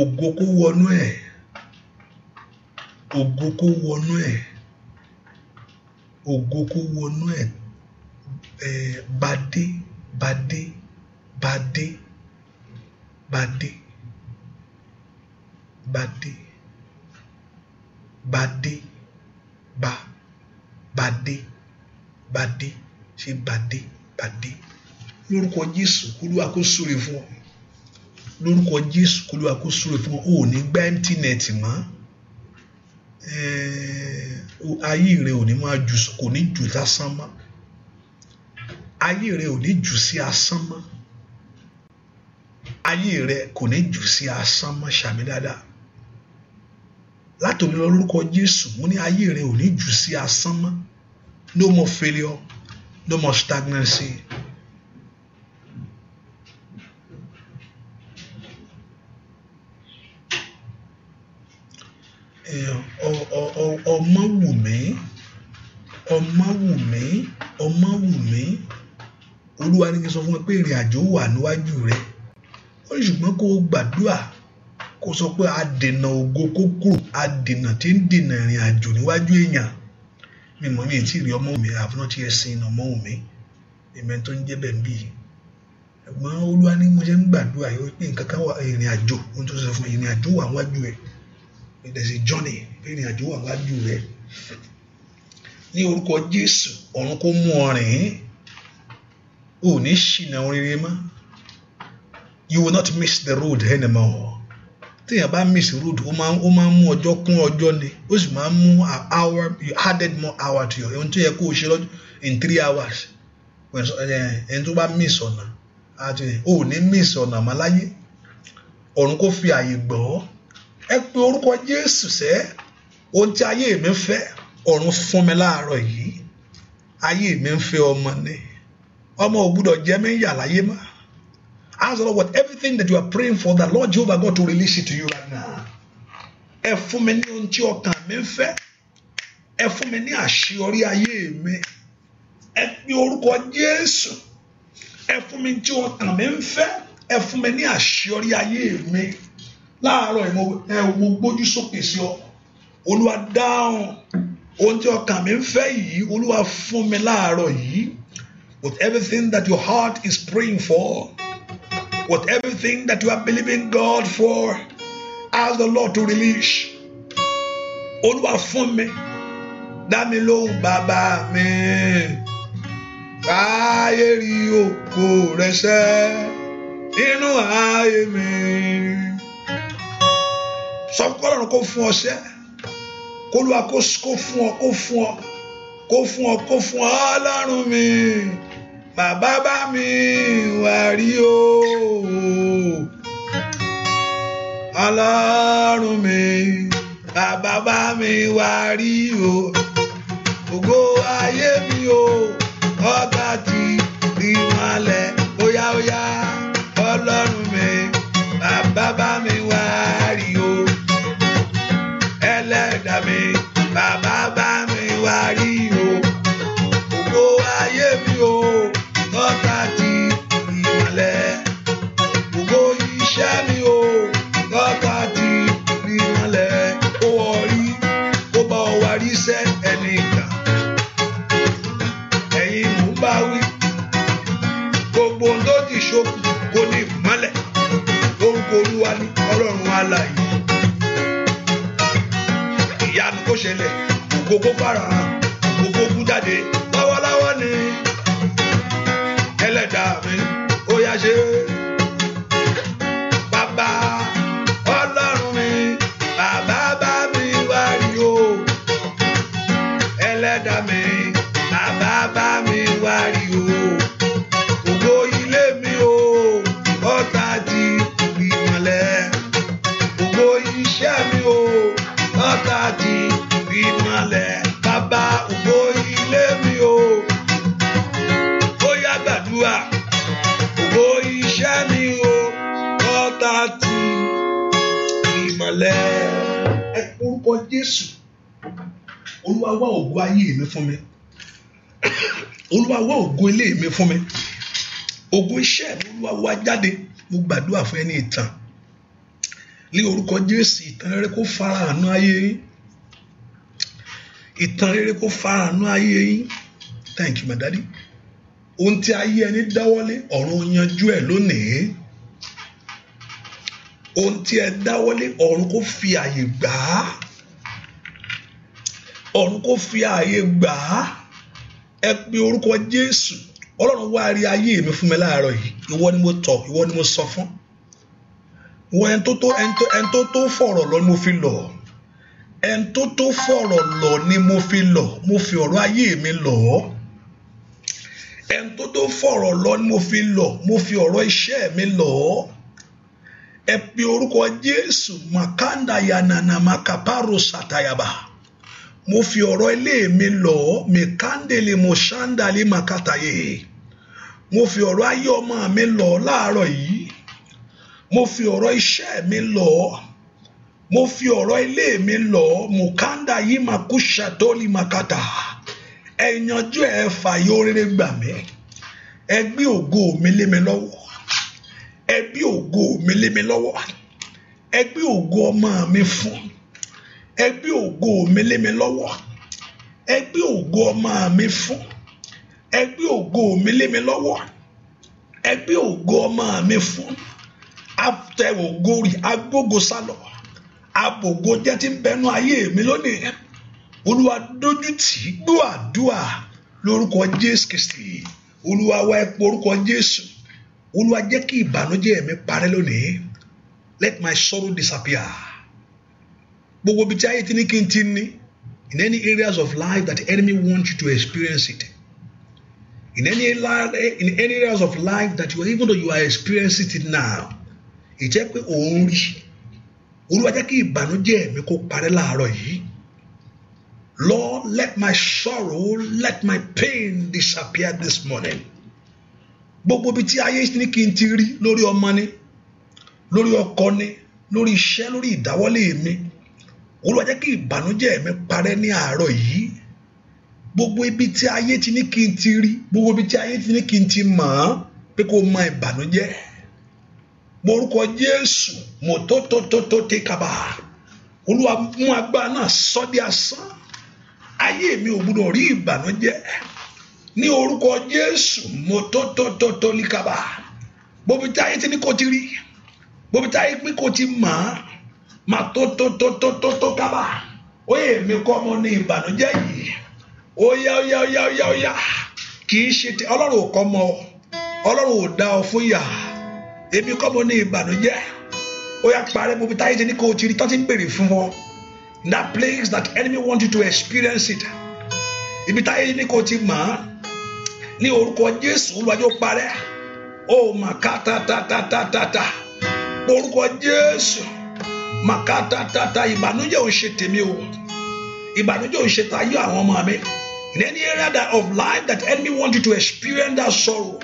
ògo kó wọnú ẹ̀ ògo kó wọnú ẹ̀ ògo kó wọnú ẹ̀ ẹ̀ bàdé bàdé bàdé bàdé bàdé bàdé ba bàdé bàdé ṣe bàdé bàdé. bàdé lórúkọ jésù olúwa kó súre fún ọ lórúkọ jésù olúwa kó súre fún ọ ò ní gbá íńtínẹẹtì mọ ayé rẹ ò ní máa jù kò ní jù lásán mọ́ ayé rẹ ò ní jù sí asán mọ́ ayé rẹ kò ní jù sí asán mọ́ ṣàmì dáadáa látòmí lọ lórúkọ jésù mo ní ayé rẹ ò ní jù sí asán mọ́ no more failure no more stagnancy ọmọwùmí ọmọwùmí ọmọwùmí olúwa ní kí n sọ fún ẹ pé ìrìn àjò wà níwájú rẹ ó ní ṣùgbọ́n kó o gbàdúrà kó o sọ pé adènà ògo kó kúrò adènà tí ń dènà ìrìn àjò níwájú èèyàn mi mọ̀ mi ti rí ọmọ mi àfúnà tí ẹ sin ọmọ mi ìmọ̀ tó ń jẹ́ bẹ́ẹ̀ bí ẹ̀gbọ́n olúwa ní mo ṣe ń gbàdúrà yóò pé nǹkan kan wà ìrìn àjò ohun tó sọ fún ìrìn àjò wà níwájú rẹ̀ there's a journey ìrìn àjò wà wájú rẹ ní orúkọ Jésù ọ̀run kó mú ọ rìn ó ní ṣìnà oríire mọ́ you will not miss the road anymore téèyàn bá miss road ó máa ó máa ń mú ọjọ́ kún ọjọ́ ni ó sì máa mú a hour you added more hour to your ohun tó yẹ kó o ṣe lọ́jọ́ in three hours eh, ẹni tó bá miss ọ̀nà àti ò ní miss ọ̀nà àmọ́ láyé ọ̀run kó fi àyè gbọ́ ọ́ ẹ pe orúkọ Jésù sẹ́ ohun tí ayé mi ń fẹ́ ọ̀run fún mi láàárọ̀ yìí ayé mi ń fẹ́ ọmọ ni ọmọ ò gbúdọ̀ jẹ́ mi ń yà láyé mọ́ ask the Lord what everything that you are praying for that Lord Jehovah God to release it to you right now ẹ fún mi ní ohun tí ọkàn mi ń fẹ́ ẹ fún mi ní àṣeyọrí ayé mi ẹ pe orúkọ Jésù ẹ fún mi tí ọkàn mi ń fẹ́ ẹ fún mi ní àṣeyọrí ayé mi. láàárọ̀ ẹ mo gbójú sókè sí ọ olúwa dáhùn ohun tí ọkàn mi ń fẹ́ yìí olúwa fún mi láàárọ̀ yìí with everything that your heart is praying for with everything that you are believing God for ask the Lord to release olúwa fún mi dá bàbá mi káyé rí òkú rẹ sẹ́ inú ayé mi. sọ fún kọ́lọ́run kó fún ọ ṣẹ́ kólúwa kó fún ọ kó fún ọ kó fún ọ kó fún ọ ọlọ́run mi bàbá bá mi wà rí o ọlọ́run mi bàbá bá mi wà rí o ògo ayé mi o ọba ti rí wọn lẹ óyá óyá mi bàbá bá mi wà rí o. bàbá bá mi wá rí o. ògo ilé mi fún mi ògo iṣẹ́ mi Olúwa wá jáde mo gbàdúrà fún ẹni ìtàn ní orúkọ Jésù ìtàn rere kó farahàn ayé yín ìtàn rere kó farahàn ayé yín thank you my daddy ohun tí ayé ẹni dáwọ́lé ọ̀run yanjú ẹ̀ lónìí ohun tí ẹ dáwọ́lé ọ̀run kó fi àyè gbà á ọ̀run kó fi àyè gbà á ẹ pe orúkọ jésù ọlọ́run wá rí ayé mi fún mi láàárọ̀ yìí ìwọ ni mo tọ̀ ìwọ ni mo sọ fún wọ ẹni tó tó ẹni tó tó fọ̀rọ̀ lọ ni mo fi lọ̀ ẹni tó tó fọ̀rọ̀ lọ ni mo fi lọ̀ mo fi ọ̀rọ̀ ayé mi lọ̀ ẹni tó tó fọ̀rọ̀ lọ ni mo fi lọ̀ mo fi ọ̀rọ̀ iṣẹ́ mi lọ̀ ẹ pe orúkọ jésù makanda yanana makaparo satayaba mo fi ọ̀rọ̀ ilé mi lọ̀ mi kándélé mo ṣáńdálé màkàtàyè mo fi ọ̀rọ̀ ayé ọmọ mi lọ̀ láàárọ̀ yìí mo fi ọ̀rọ̀ iṣẹ́ mi lọ̀ mo fi ọ̀rọ̀ ilé mi lọ̀ mo kándá yìí mà kú ṣàtọ́lì màkàtà ẹ yanjú ẹ fàyọ rere gbà mí ẹ gbé ògo mi lé mi lọ́wọ́ ẹ gbé ògo mi lé mi lọ́wọ́ ẹ gbé ògo ọmọ mi fún mi ẹ ògo mi lé mi lọ́wọ́ ẹ ògo ọmọ mi fún ẹ ògo mi lé mi lọ́wọ́ ẹ ògo ọmọ mi fún àtẹ ògo rí agbógo sálọ abògo jẹ́ ti ń bẹnu ayé mi lónìí olúwa dójú tì lórúkọ jésù kristi olúwa wá ẹ porúkọ jésù olúwa jẹ́ kí ìbànújẹ́ mi parẹ́ lónìí let my sorrow disappear gbogbo ibi tí ayé ti ní kí n in any areas of life that the enemy wants you to experience it in any in any areas of life that you even though you are experiencing it now ìjẹ́ pé òun rí olúwa jẹ́ kí ìbànújẹ́ mi kó parẹ́ láàárọ̀ yìí Lord let my sorrow let my pain disappear this morning gbogbo ibi tí ayé ní kí n ti rí lórí ọmọ ni lórí ọkọ ni lórí iṣẹ́ lórí ìdáwọ́lé mi. Olúwa jẹ́ kí ìbànújẹ́ mi parẹ́ ní àárọ̀ yìí gbogbo ibi tí ayé ti ní kí n ti rí gbogbo ibi tí ayé ti ní kí n ti mọ̀ ọ́ pé kó mọ ìbànújẹ́ morúkọ Jésù mo tó tó tó tó té kaba Olúwa mú agbára náà sọ asán ayé mi ò gbúdọ̀ rí ìbànújẹ́ ní orúkọ Jésù mo tó tó tó tó ní kaba gbogbo ibi tí ayé ti ní kó ti rí gbogbo ibi tí ayé pín kó ti mọ̀ ọ́ màtótótótótó kábà ó yẹ mi kọ́ mo ní ìbànújẹ́ yìí ó yá ó yá ó yá ó yá ó yá kì í ṣe ti ọlọ́run ò kọ́ mọ ọlọ́run ò dá ọ fún ìyà èmi kọ́ mo ní ìbànújẹ́ ó yá parẹ́ mo fi táyé ti ní kó o ti rí tọ́tí ń bèrè fún ọ that place that enemy want you to experience it ibi táyé ní kó o ti mọ̀ ọ́ ní orúkọ jésù olùwàjò parẹ́ ó mà ká ta ta ta ta ta ta orúkọ jésù màkàtàtàtà ìbànújẹ́ ò ń ṣe tèmi o ìbànújẹ́ ò ń ṣe tayọ àwọn ọmọ mi in any area that of life that enemy want you to experience that sorrow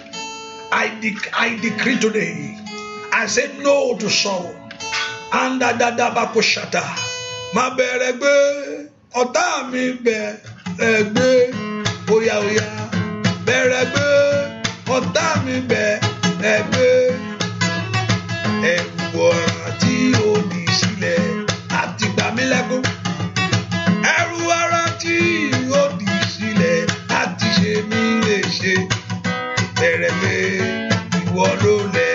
I, de I decree today I say no to sorrow andadadabakosata má bẹ̀rẹ̀ gbé ọ̀tá mi bẹ̀rẹ̀ gbé bóyá óyá bẹ̀rẹ̀ gbé ọ̀tá mi bẹ̀rẹ̀ gbé ẹ̀rù ọ̀rọ̀. rẹ pé ìwọ ló lẹ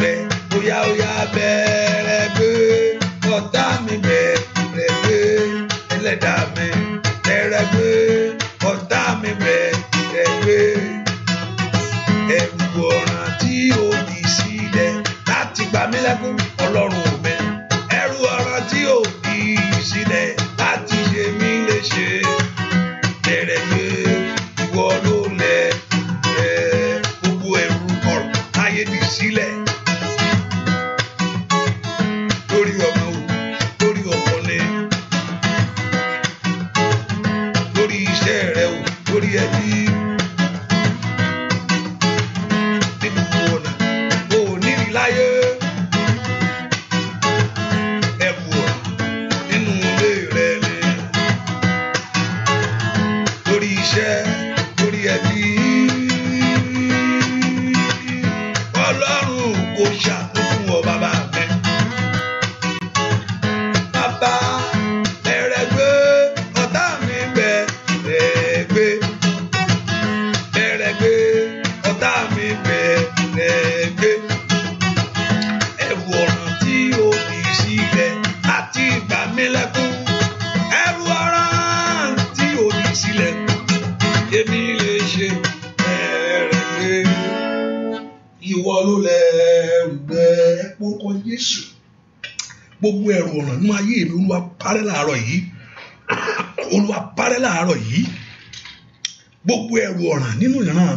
bẹ bóyá ó yá bẹ̀rẹ̀ pé ọ̀tá mi bẹ̀rẹ̀ pé ẹlẹ́dàá mi bẹ̀rẹ̀ pé ọ̀tá mi bẹ̀rẹ̀ pé ẹ̀rù ọ̀ràn tí ó di sílẹ̀ láti gbà mí lẹ́kún ọlọ́run mi ẹ̀rù ọ̀ràn tí ó di sílẹ̀.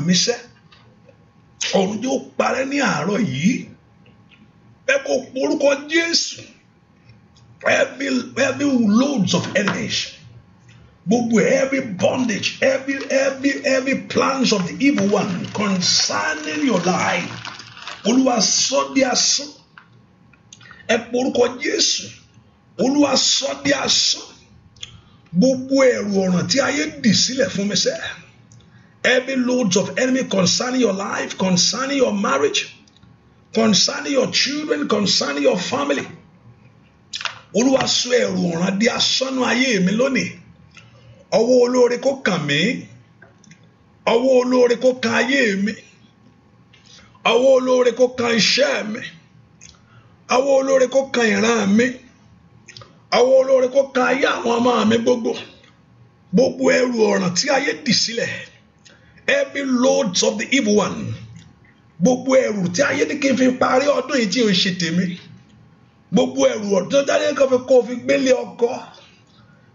mi sẹ́ ọ̀run jẹ́ ó parẹ́ ní àárọ̀ yìí ẹ kò porúkọ Jésù every every loads of enemies gbogbo every bondage every every every plans of the evil one concerning your life olúwa sọ di asán ẹ porúkọ Jésù olúwa sọ di asán gbogbo ẹ̀rù ọ̀ràn tí ayé dì sílẹ̀ fún mi sẹ́ẹ̀. Every loads of enemy concerning your life, concerning your marriage, concerning your children, concerning your family. Olúwa sọ ẹ̀rù ọ̀ràn di asọ́nù ayé mi lónìí. Ọwọ́ olóore kó kàn mí. Ọwọ́ olóore kó kàn ayé mi. Ọwọ́ olóore kó kàn iṣẹ́ mi. Ọwọ́ olóore kó kàn ìran mi. Ọwọ́ olóore kó kàn ayé àwọn ọmọ mi gbogbo. Gbogbo ẹ̀rù ọ̀ràn tí ayé dì sílẹ̀ every loads of the evil one gbogbo ẹrù tí ayé ní kí n fi parí ọdún yìí tí ò ń ṣe tèmi gbogbo ẹrù ọdún táyé kan fi kó fi gbélé ọkọ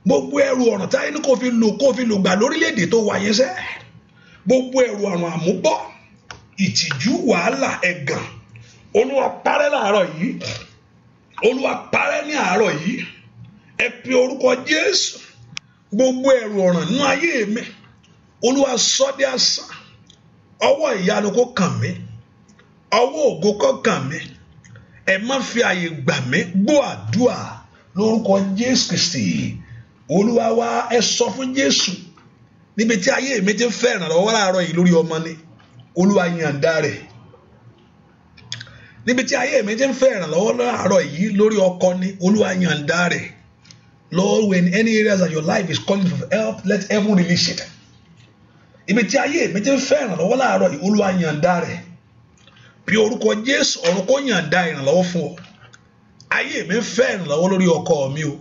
gbogbo ẹrù ọ̀ràn táyé ní kó fi lò kó fi lò gbà lórílẹ̀‐èdè tó wà yẹn sẹ́ gbogbo ẹrù ọ̀ràn àmúbọ̀ ìtìjú wàhálà ẹ̀gàn olúwa parẹ́ láàárọ̀ yìí olúwa parẹ́ ní àárọ̀ yìí ẹ orúkọ jésù gbogbo ẹrù ọ̀ràn nínú ayé mi olúwa sọdí àṣà ọwọ́ ìyanu kó kàn mí ọwọ́ ògo kó kàn mí ẹ má fi àyè gbà mí gbọ́ àdúà lórúkọ jésù kristi olúwa wa ẹ sọ fún jésù níbi tí ayé mi ti fẹ́ ìrànlọ́wọ́ láàárọ̀ yìí lórí ọmọ ni olúwa yàǹda rẹ̀ níbi tí ayé mi ti ń fẹ́ ìrànlọ́wọ́ láàárọ̀ yìí lórí ọkọ ni olúwa yàǹda rẹ̀ Lord when any areas of your life is calling for help let heaven release it ibi tí ayé mi ti ń fẹ́ ìrànlọ́wọ́ láàárọ̀ yìí olúwa yàǹda rẹ̀ bí orúkọ jésù ọ̀run kò yàǹda ìrànlọ́wọ́ fún ọ ayé mi ń fẹ́ ìrànlọ́wọ́ lórí ọkọ mi o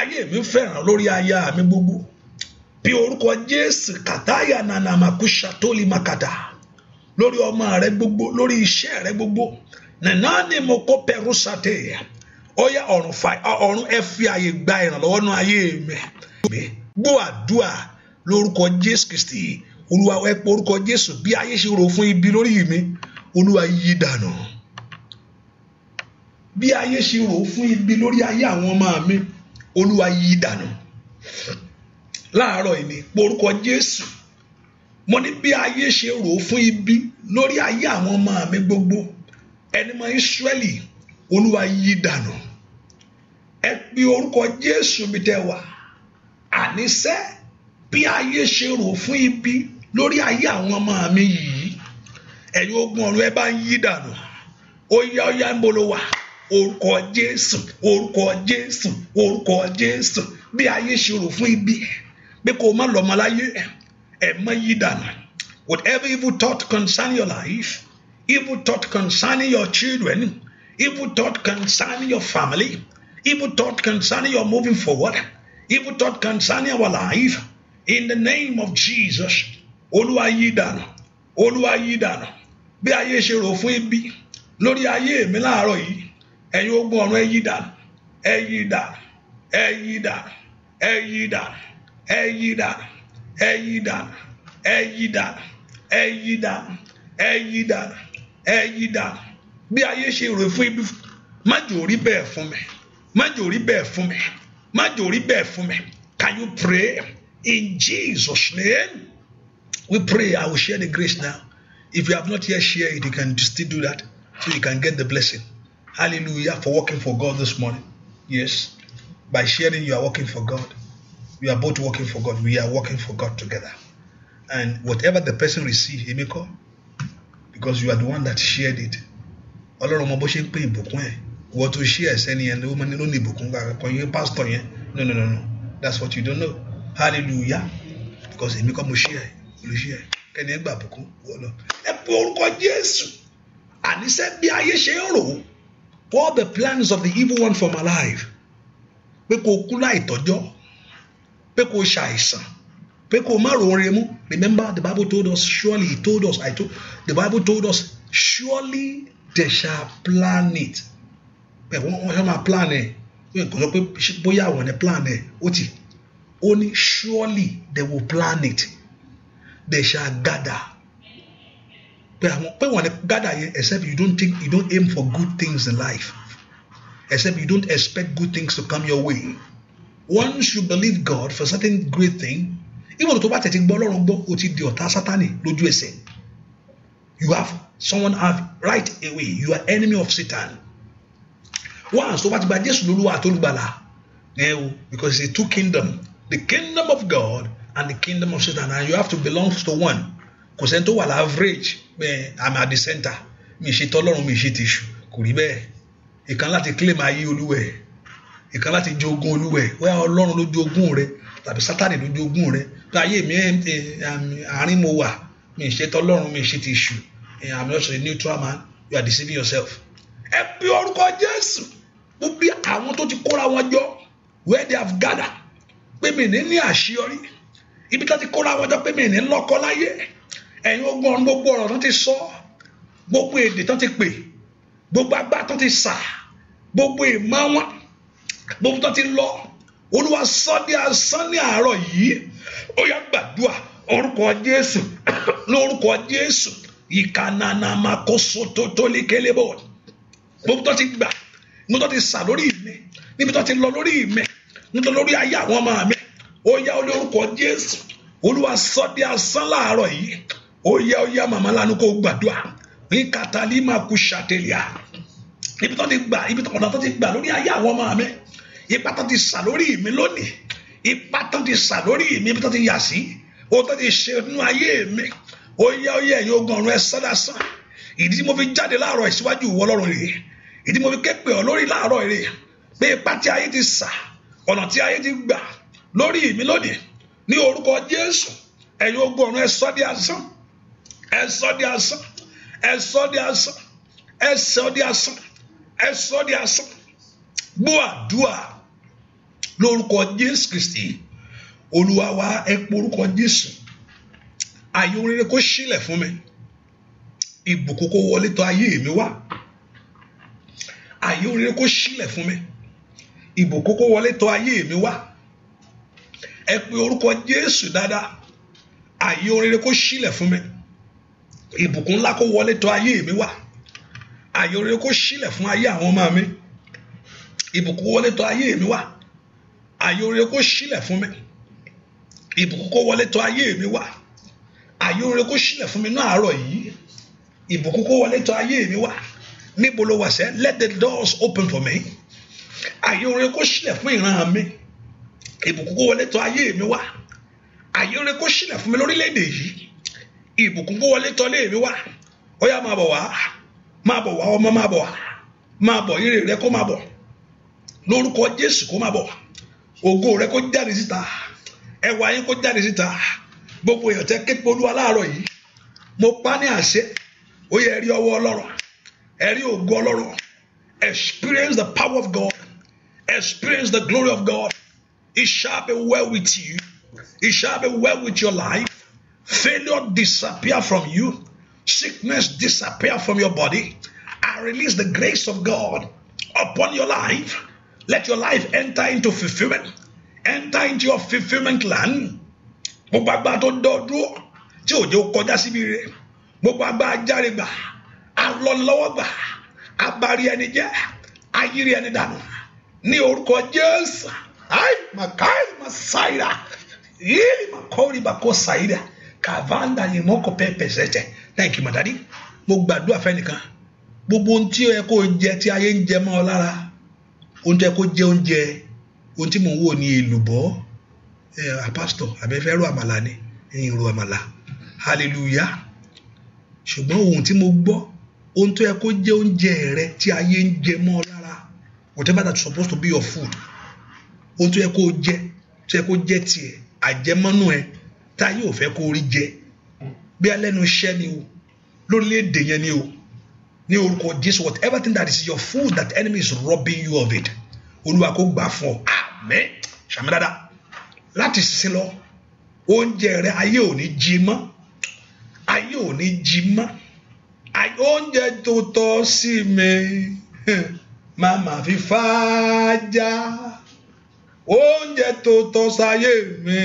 ayé mi ń fẹ́ ìrànlọ́wọ́ lórí aya mi gbogbo bí orúkọ jésù kàtáyà nànà màkúṣà tó lè má kàdà lórí ọmọ rẹ gbogbo lórí iṣẹ́ rẹ gbogbo nànà ni mo kó pẹ̀rú sàtẹ̀ ó yá ọ̀run ẹ fi àyè gba ìrànlọ́wọ́ nú ayé mi gbọ́ àdúrà lórúkọ jésù kristi olúwa ẹ pé orúkọ jésù bí ayé ṣe rò fún ibi lórí mi olúwa yí dànù bí ayé ṣe rò fún ibi lórí ayé àwọn ọmọ mi olúwa yí dànù láàárọ̀ ìní porúkọ jésù mo ní bí ayé ṣe rò fún ibi lórí ayé àwọn ọmọ mi gbogbo ẹni mọ ìsírẹ́lì olúwa yí dànù ẹ pe orúkọ jésù mi tẹ wá àníṣẹ́ bí ayé ṣe rò fún ibi lórí ayé àwọn ọmọ mi yìí ẹ̀yin ogun ọ̀run ẹ bá ń yí dànù ó yá ó yá ń bolo wà orúkọ Jésù orúkọ Jésù orúkọ Jésù bí ayé ṣe rò fún ibi pé kó o má lọ́mọ láyé ẹ̀ mọ́ yí dànù whatever evil thought concerning your life evil thought concerning your children evil thought concerning your family evil thought concerning your moving forward evil thought concerning our life in the name of Jesus olúwa yí dànù olúwa yí dànù bí ayé ṣe rò fún ibi lórí ayé mi láàárọ̀ yìí ẹ̀yin ogun ọ̀run ẹ yí dànù ẹ yí dànù ẹ yí dànù ẹ bí ayé ṣe rò fún ibi má jò fún mi má jò fún mi má jò fún mi can you pray? In Jesus' name, we pray. I will share the grace now. If you have not yet shared it, you can still do that so you can get the blessing. Hallelujah for working for God this morning. Yes. By sharing, you are working for God. We are both working for God. We are working for God together. And whatever the person receives, he may call Because you are the one that shared it. What ọmọ share? ṣe ń pín ìbùkún ẹ̀. Wọ́n tún ṣí ẹ̀sẹ̀ ni No, no, no, no. That's what you don't know. hallelujah because èmi kọ́ mo ṣe ẹ̀ olùṣe ẹ̀ kẹ́ni ẹ̀ gbà bùkún wọ́n lọ. ẹ pe orúkọ Jésù àníṣe bí ayé ṣe ń rò all the plans of the evil one for my life pé kó kú láì tọ́jọ́ pé kó ṣàìsàn pé kó má ròore mú remember the bible told us surely he told us i told the bible told us surely they shall plan it pé wọ́n wọ́n ṣe máa plan ẹ̀ wọ́n kò sọ pé bóyá àwọn ẹ̀ plan ẹ̀ ó ti Only surely they will plan it they shall gather pé àwọn pé wọ́n lè gather yẹn except you don't think you don't aim for good things in life except you don't expect good things to come your way once you believe God for certain great thing even tó bá tètè gbọ́ Ọlọ́run gbọ́ o ti di ọ̀tá Sátánì lójú ẹsẹ̀ you have someone have right away you are enemy of Satan once tó bá ti gba Jésù lólúwa àtolùgbàlà ẹ o because it's a two kingdom the kingdom of God and the kingdom of Satan and you have to belong to one kò sẹ́ni tó wà láverage bẹ́ẹ̀ I'm at the center mi ṣe tọ́lọ́run mi ṣe tìṣù kò rí bẹ́ẹ̀ ìkan láti claim ayé olúwẹ̀ ìkan láti jogún olúwẹ̀ wẹ́ẹ́ ọlọ́run ló jogún rẹ tàbí sátani ló jogún rẹ pé ayé mi eh, eh, um, àárín mo wà mi ṣe tọ́lọ́run mi ṣe tìṣù eh, I'm not a neutral man you are deceiving yourself ẹ pe orúkọ Jésù gbogbo àwọn tó ti kóra wọn jọ where they have gathered pé mi ní ní àṣeyọrí ibi tá ti kóra wọn jọ pé mi ní lọ́kọ láyé ẹ̀yin ogun ọ̀run gbogbo ọ̀rọ̀ tó ti sọ gbogbo èdè tó ti pè gbogbo agbá tó ti sà gbogbo ìmọ̀ wọn gbogbo tó ti lọ olúwa sọ ní asán ní àárọ̀ yìí ó yá gbàdúrà orúkọ jésù lórúkọ jésù ìkànnàmàkóso tó tó lékelé bọ̀ gbogbo tó ti gbà gbogbo tó ti sà lórí ìmẹ̀ níbi tó ti lọ lórí ìmẹ̀ nítorí lórí ayé àwọn ọmọ mi ó yá ó lé orúkọ Jésù olúwa sọdí asán láàárọ̀ yìí ó yá ó yá màmá lánàá kó gbàdúrà ní kàtàlí máa kú ṣàtẹlẹ à ibi tó ti gbà ibi tó ọ̀nà tó ti gbà lórí ayé àwọn ọmọ mi ipa tó ti sà lórí mi lónìí ipa tó ti sà lórí mi ibi tó ti yà sí ó tó ti ṣe nínú ayé mi ó yá ó yá ẹ̀yin ogun ọ̀run ẹ sọ́dá ìdí tí mo fi jáde láàárọ̀ ìsíwájú ìwọ ọlọ́run rèé ìdí mo fi képe ọ lórí láàárọ̀ rèé pé ipa tí ayé ti sà ọ̀nà tí ayé ti gbà lórí mi lónìí ní orúkọ Jésù ẹ̀yin ogun ọ̀run ẹ sọ di asán ẹ sọ di asán ẹ sọ di asán ẹ sọ di asán ẹ sọ di asán gbọ́ àdúà lórúkọ Jésù Kristi Olúwa wa ẹ porúkọ Jésù ayé oríire kó sílẹ̀ fún mi ìbùkún kó wọlé tọ̀ ayé mi wá ayé oríire kó sílẹ̀ fún mi ìbùkún kó wọlé tọ̀ ayé mi wá ẹ pe orúkọ Jésù dáadáa ààyè oríire kó sílẹ̀ fún mi ìbùkún ńlá kó wọlé tọ̀ ayé mi wá ààyè oríire kó sílẹ̀ fún ayé àwọn ọmọ mi ìbùkún wọlé tọ̀ ayé mi wá ààyè oríire kó sílẹ̀ fún mi ìbùkún kó wọlé tọ̀ ayé mi wá ààyè oríire kó sílẹ̀ fún mi náà àárọ̀ yìí ìbùkún kó wọlé tọ̀ ayé mi wá níbo ló wà sẹ́ let the doors open for me àyè oore kó sílẹ̀ fún ìran mi ìbùkún kó wọlé tọ̀ ayé mi wá àyè oore kó sílẹ̀ fún mi lórílẹ̀‐èdè yìí ìbùkún kó wọlé tọ̀ lé mi wá ó yá máa bọ̀ wá máa bọ̀ wá ọmọ máa bọ̀ wá máa bọ̀ ire rẹ kó máa bọ̀ lórúkọ Jésù kó máa bọ̀ ògo rẹ kó jáde síta ẹwà yín kó jáde síta gbogbo èèyàn tẹ képe olúwa láàárọ̀ yìí mo pa ní àṣẹ ó yẹ ẹ rí ọwọ́ ọlọ́run ògo ọlọ́run experience the power of God Experience the glory of God. It shall be well with you. It shall be well with your life. Failure disappear from you. Sickness disappear from your body. I release the grace of God upon your life. Let your life enter into fulfillment. Enter into your fulfillment land. Gbogbo agbára tó dọ́dúró tí òjò kọjá síbi rẹ̀. Gbogbo agbára járe gbà. gbà. ẹni jẹ́. ẹni dànù. ní orúkọ jésù ai makai masaira ili makori bako saira kavanda yimoko pepe sẹsẹ thank you madadi mo gbàdúrà fẹnìkan gbogbo ohun tí ó yẹ kó jẹ tí ayé ń jẹ mọ́ ọ lára ohun tí ó yẹ kó jẹ oúnjẹ ohun tí mò ń wò ní èlùbọ́ apásítọ̀ àbẹ́fẹ́ rò àmàlà ni ẹ̀yìn rò àmàlà hallelujah ṣùgbọ́n ohun tí mo gbọ́ ohun tó yẹ kó jẹ oúnjẹ rẹ tí ayé ń jẹ mọ́ ọ whatever that is supposed to be your food ohun tó yẹ kó jẹ tó yẹ kó jẹ tiẹ̀ àjẹmọ́nú ẹ tá yóò fẹ́ kó rí jẹ bí alẹ́nu iṣẹ́ ni o lórílẹ̀‐èdè yẹn ni o ní orúkọ Jésù whatever thing that is your food that enemy is robbing you of it olúwa kó gbà fún ọ àmín sàmì dada. láti sin lọ oúnjẹ rẹ ayé ò ní jí mọ́ ayé ò ní jí mọ́ oúnjẹ tó tọ́ sí mi màmá fi fàájà oúnjẹ tó tọ́ sáyé mi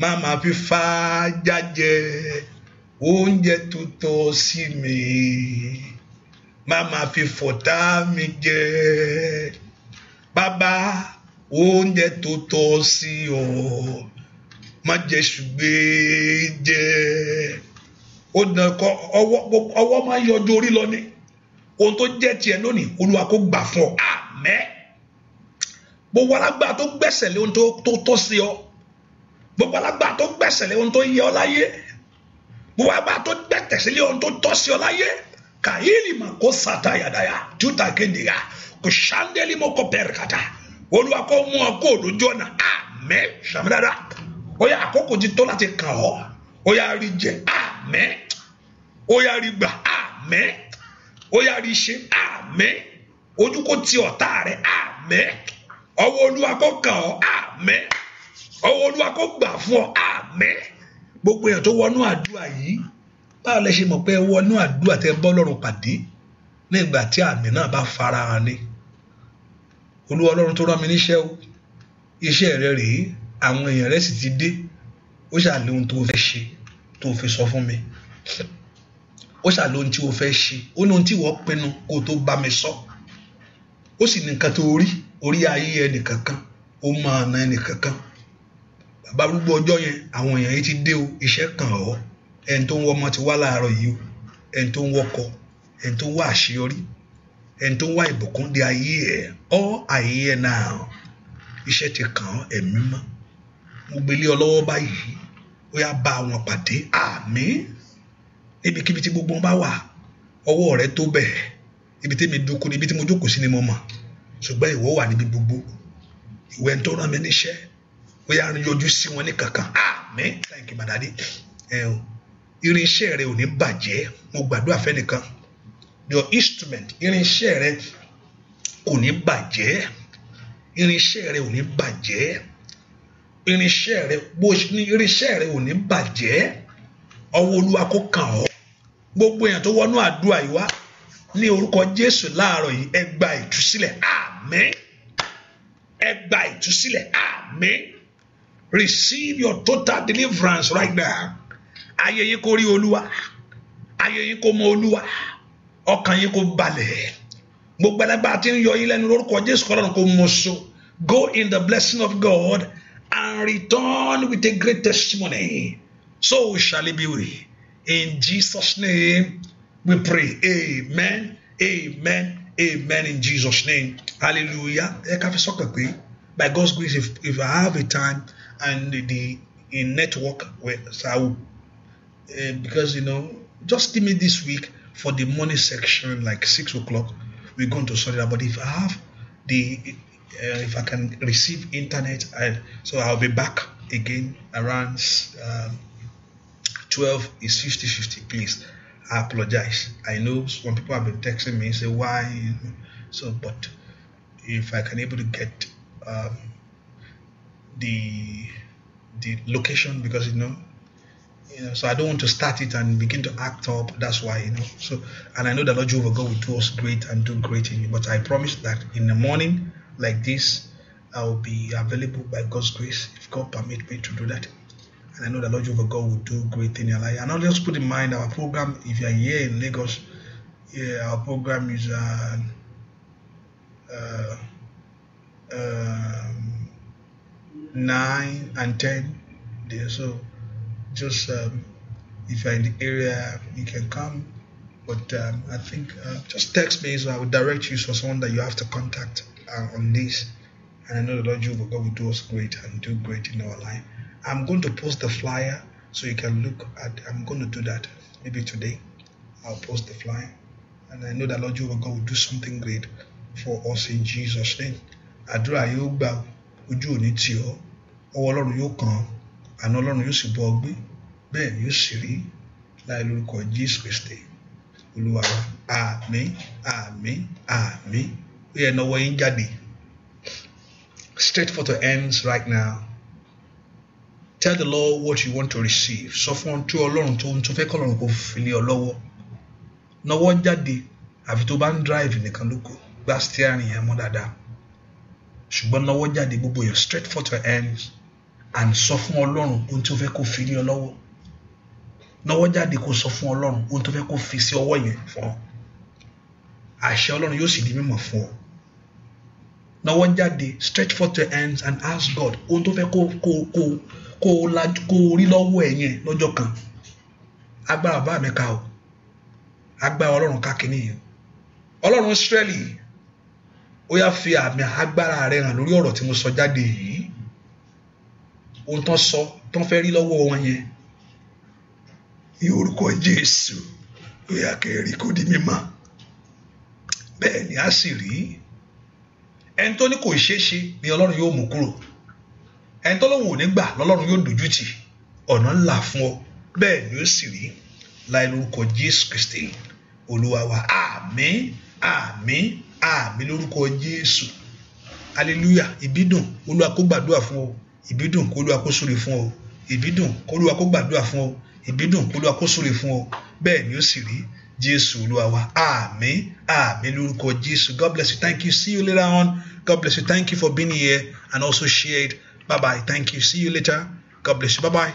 màmá fi fàájà jẹ oúnjẹ tó tọ́ sí mi màmá fi fọ̀tá mi jẹ bàbá oúnjẹ tó tọ́ sí ọ má jẹ ṣùgbẹ́ jẹ ó dàn kọ ọwọ́ máa yọjú orí lọ ni ohun tó jẹ́ tiẹ̀ lónìí olúwa kó gbà fún ọ àmẹ́ gbogbo alágbà tó gbẹ̀sẹ̀ lé ohun tó tọ́ sí ọ gbogbo alágbà tó gbẹ̀sẹ̀ lé ohun tó yẹ ọ láyé gbogbo alágbà tó gbẹ̀tẹ̀sẹ̀ lé ohun tó tọ́ sí ọ láyé kàyéèlì mà kó sàtà yàdàyà jútà kéde yà kò sàndélì mọ́ kó bẹ̀rẹ̀ kàtà olúwa kó mú ọ kó lójú ọ̀nà àmẹ́ sàmúdàdà ó yá àkókò ti tó láti kàn ọ́ ó yá rí jẹ àmẹ́ ó yá rí gbà àmẹ́ ó yá rí ṣe àmín ojú kò ti ọ̀tá rẹ̀ àmín ọwọ́ olúwa kó kàn ọ́ àmín ọwọ́ olúwa kó gbà fún ọ àmín gbogbo èèyàn tó wọnú àdúrà yìí báwo lẹ ṣe mọ̀ pé ẹ wọnú àdúrà tẹ bọ́ lọ́rùn pàdé nígbà tí àmì náà bá fara hàn ni olúwa ọlọ́run tó rán mi níṣẹ́ o iṣẹ́ rẹ rèé àwọn èèyàn rẹ sì ti dé ó ṣàlẹ́ ohun tó fẹ́ ṣe tó fi sọ fún mi ó ṣàlò ohun tí o fẹ́ ṣe ó ní tí wọ́n pinnu kó o tó bá mi sọ ó sì nìkan tó rí orí ayé ẹnìkankan ó mọ ọ̀nà ẹnìkankan bàbá arúgbó ọjọ́ yẹn àwọn èèyàn yìí ti dé o iṣẹ́ kàn ọ́ ẹni tó ń wọ ọmọ ti wá láàárọ̀ yìí o ẹni tó ń wọkọ ẹni tó ń wá àṣeyọrí ẹni tó ń wá ìbùkún di ayé ẹ ọ ayé ẹ náà iṣẹ́ ti kàn ọ́ ẹ̀mí mọ́ mo gbélé ọ lọ́wọ́ báyìí ó yá bá wọn pàdé àmín. Ah, níbikíbi tí gbogbo wọn bá wà ọwọ́ rẹ tó bẹ̀ ibi tẹ́mi dúkú níbi tí mo jókòó sí ni mo mọ̀ ṣùgbọ́n ìwọ wà níbi gbogbo ìwẹ́ ń tó rán mi níṣẹ́ ó yà ń yọjú sí wọn ní kankan àmín thank you madadi ẹ o irinṣẹ́ rẹ ò ní bàjẹ́ mo gbàdúrà fẹ́nìkan your instrument irinṣẹ́ rẹ kò ní bàjẹ́ irinṣẹ́ rẹ ò ní bàjẹ́ irinṣẹ́ rẹ bó irinṣẹ́ rẹ ò ní bàjẹ́ ọwọ́ olúwa kó kàn ọ́ gbogbo èèyàn tó wọnú àdúrà yìí wá ní orúkọ Jésù láàárọ̀ yìí ẹ gba ìtúsílẹ̀ àmín ẹ gba ìtúsílẹ̀ àmín receive your total deliverance right now ayé yín kó rí olúwa ayé yín kó mọ olúwa ọkàn yín kó balẹ̀ gbogbo alágbára tí ń yọ yín lẹ́nu lórúkọ Jésù kọ́lọ́run kó mọ so go in the blessing of God and return with a great testimony so shall it be. In Jesus' name, we pray. Amen. Amen. Amen. In Jesus' name. Hallelujah. By God's grace, if, if I have a time and the in network, where so uh, because you know, just give me this week for the morning section, like six o'clock. We're going to sort that. But if I have the, uh, if I can receive internet, I, so I'll be back again around. Um, 12 is 50 50. Please, I apologize. I know some people have been texting me, say, why? So, but if I can able to get um, the the location because you know you know so I don't want to start it and begin to act up that's why you know so and I know that Lord Jehovah God will do us great and do great in you but I promise that in the morning like this I will be available by God's grace if God permit me to do that and I know the Lord Jehovah God will do great things in your life. And I'll just put in mind our program, if you're here in Lagos, yeah, our program is uh, uh, um, 9 and 10 there. So just um, if you're in the area, you can come. But um, I think uh, just text me so I will direct you to someone that you have to contact uh, on this. And I know the Lord Jehovah God will do us great and do great in our life. I'm going to post the flyer so you can look at. I'm going to do that maybe today. I'll post the flyer, and I know that Lord Jehovah God will do something great for us in Jesus' name. Àdúrà yóò gbà ojú òní tì ọ́, ọwọ́ Ọlọ́run yóò kàn án, àná Ọlọ́run yóò sì bọ́ ọ gbé, bẹ́ẹ̀ ni yóò sì rí láì lórúkọ Jésù Kristi Olúwa wa. Àmín àmín Ó yẹ náwó yín jáde. Straight for the ends right now tell the lord what you want to receive sọ fún ọ tí ọlọ́run tó ń tún fẹ́ kọ́ ọlọ́run kò fi lé ọ lọ́wọ́ náwó jáde àfi tó bá ń drive nìkan lóko gba steering yẹn mú dáadáa ṣùgbọ́n náwó jáde gbogbo yẹn straight for your hands and sọ fún ọlọ́run ohun tó fẹ́ kó fi lé ọ lọ́wọ́ náwó jáde kó sọ fún ọlọ́run ohun tó fẹ́ kó fi sí ọwọ́ yẹn fún ọ àṣẹ ọlọ́run yóò sì di mímọ̀ fún ọ náwó jáde stretch forth your hands and ask God ohun tó fẹ́ kó kó kó kó o la kó o rí lọ́wọ́ ẹ̀yìn lọ́jọ́ kan agbára bàbá mi ká o agbára ọlọ́run ká kínní yẹn ọlọ́run Ísírẹ́lì ó yá fi àmì agbára rẹ hàn lórí ọ̀rọ̀ tí mo sọ jáde yìí ohun tán sọ tán fẹ́ rí lọ́wọ́ wọn yẹn ní orúkọ Jésù ó yá kẹrì kó di mímọ́ bẹ́ẹ̀ ni a sì rí ẹni tó ní kò ṣeé ṣe ni ọlọ́run yóò mú kúrò ẹni tọ́lọ́hún ò ní gbà lọ́lọ́run yóò dojú tì ọ̀nà ńlá fún ọ bẹ́ẹ̀ ni ó sì rí láì lórúkọ Jésù Kristi olúwa wa àmín àmín àmín lórúkọ Jésù hallelujah ìbídùn olúwa kó gbàdúrà fún ọ ìbídùn kó olúwa kó súre fún ọ ìbídùn kó olúwa kó gbàdúrà fún ọ ìbídùn kó fún ọ bẹ́ẹ̀ ni ó sì rí Jésù olúwa wa àmín lórúkọ Jésù God bless you thank you see you later on God bless you thank you for being here and also share it. Bye bye. Thank you. See you later. God bless you. Bye bye.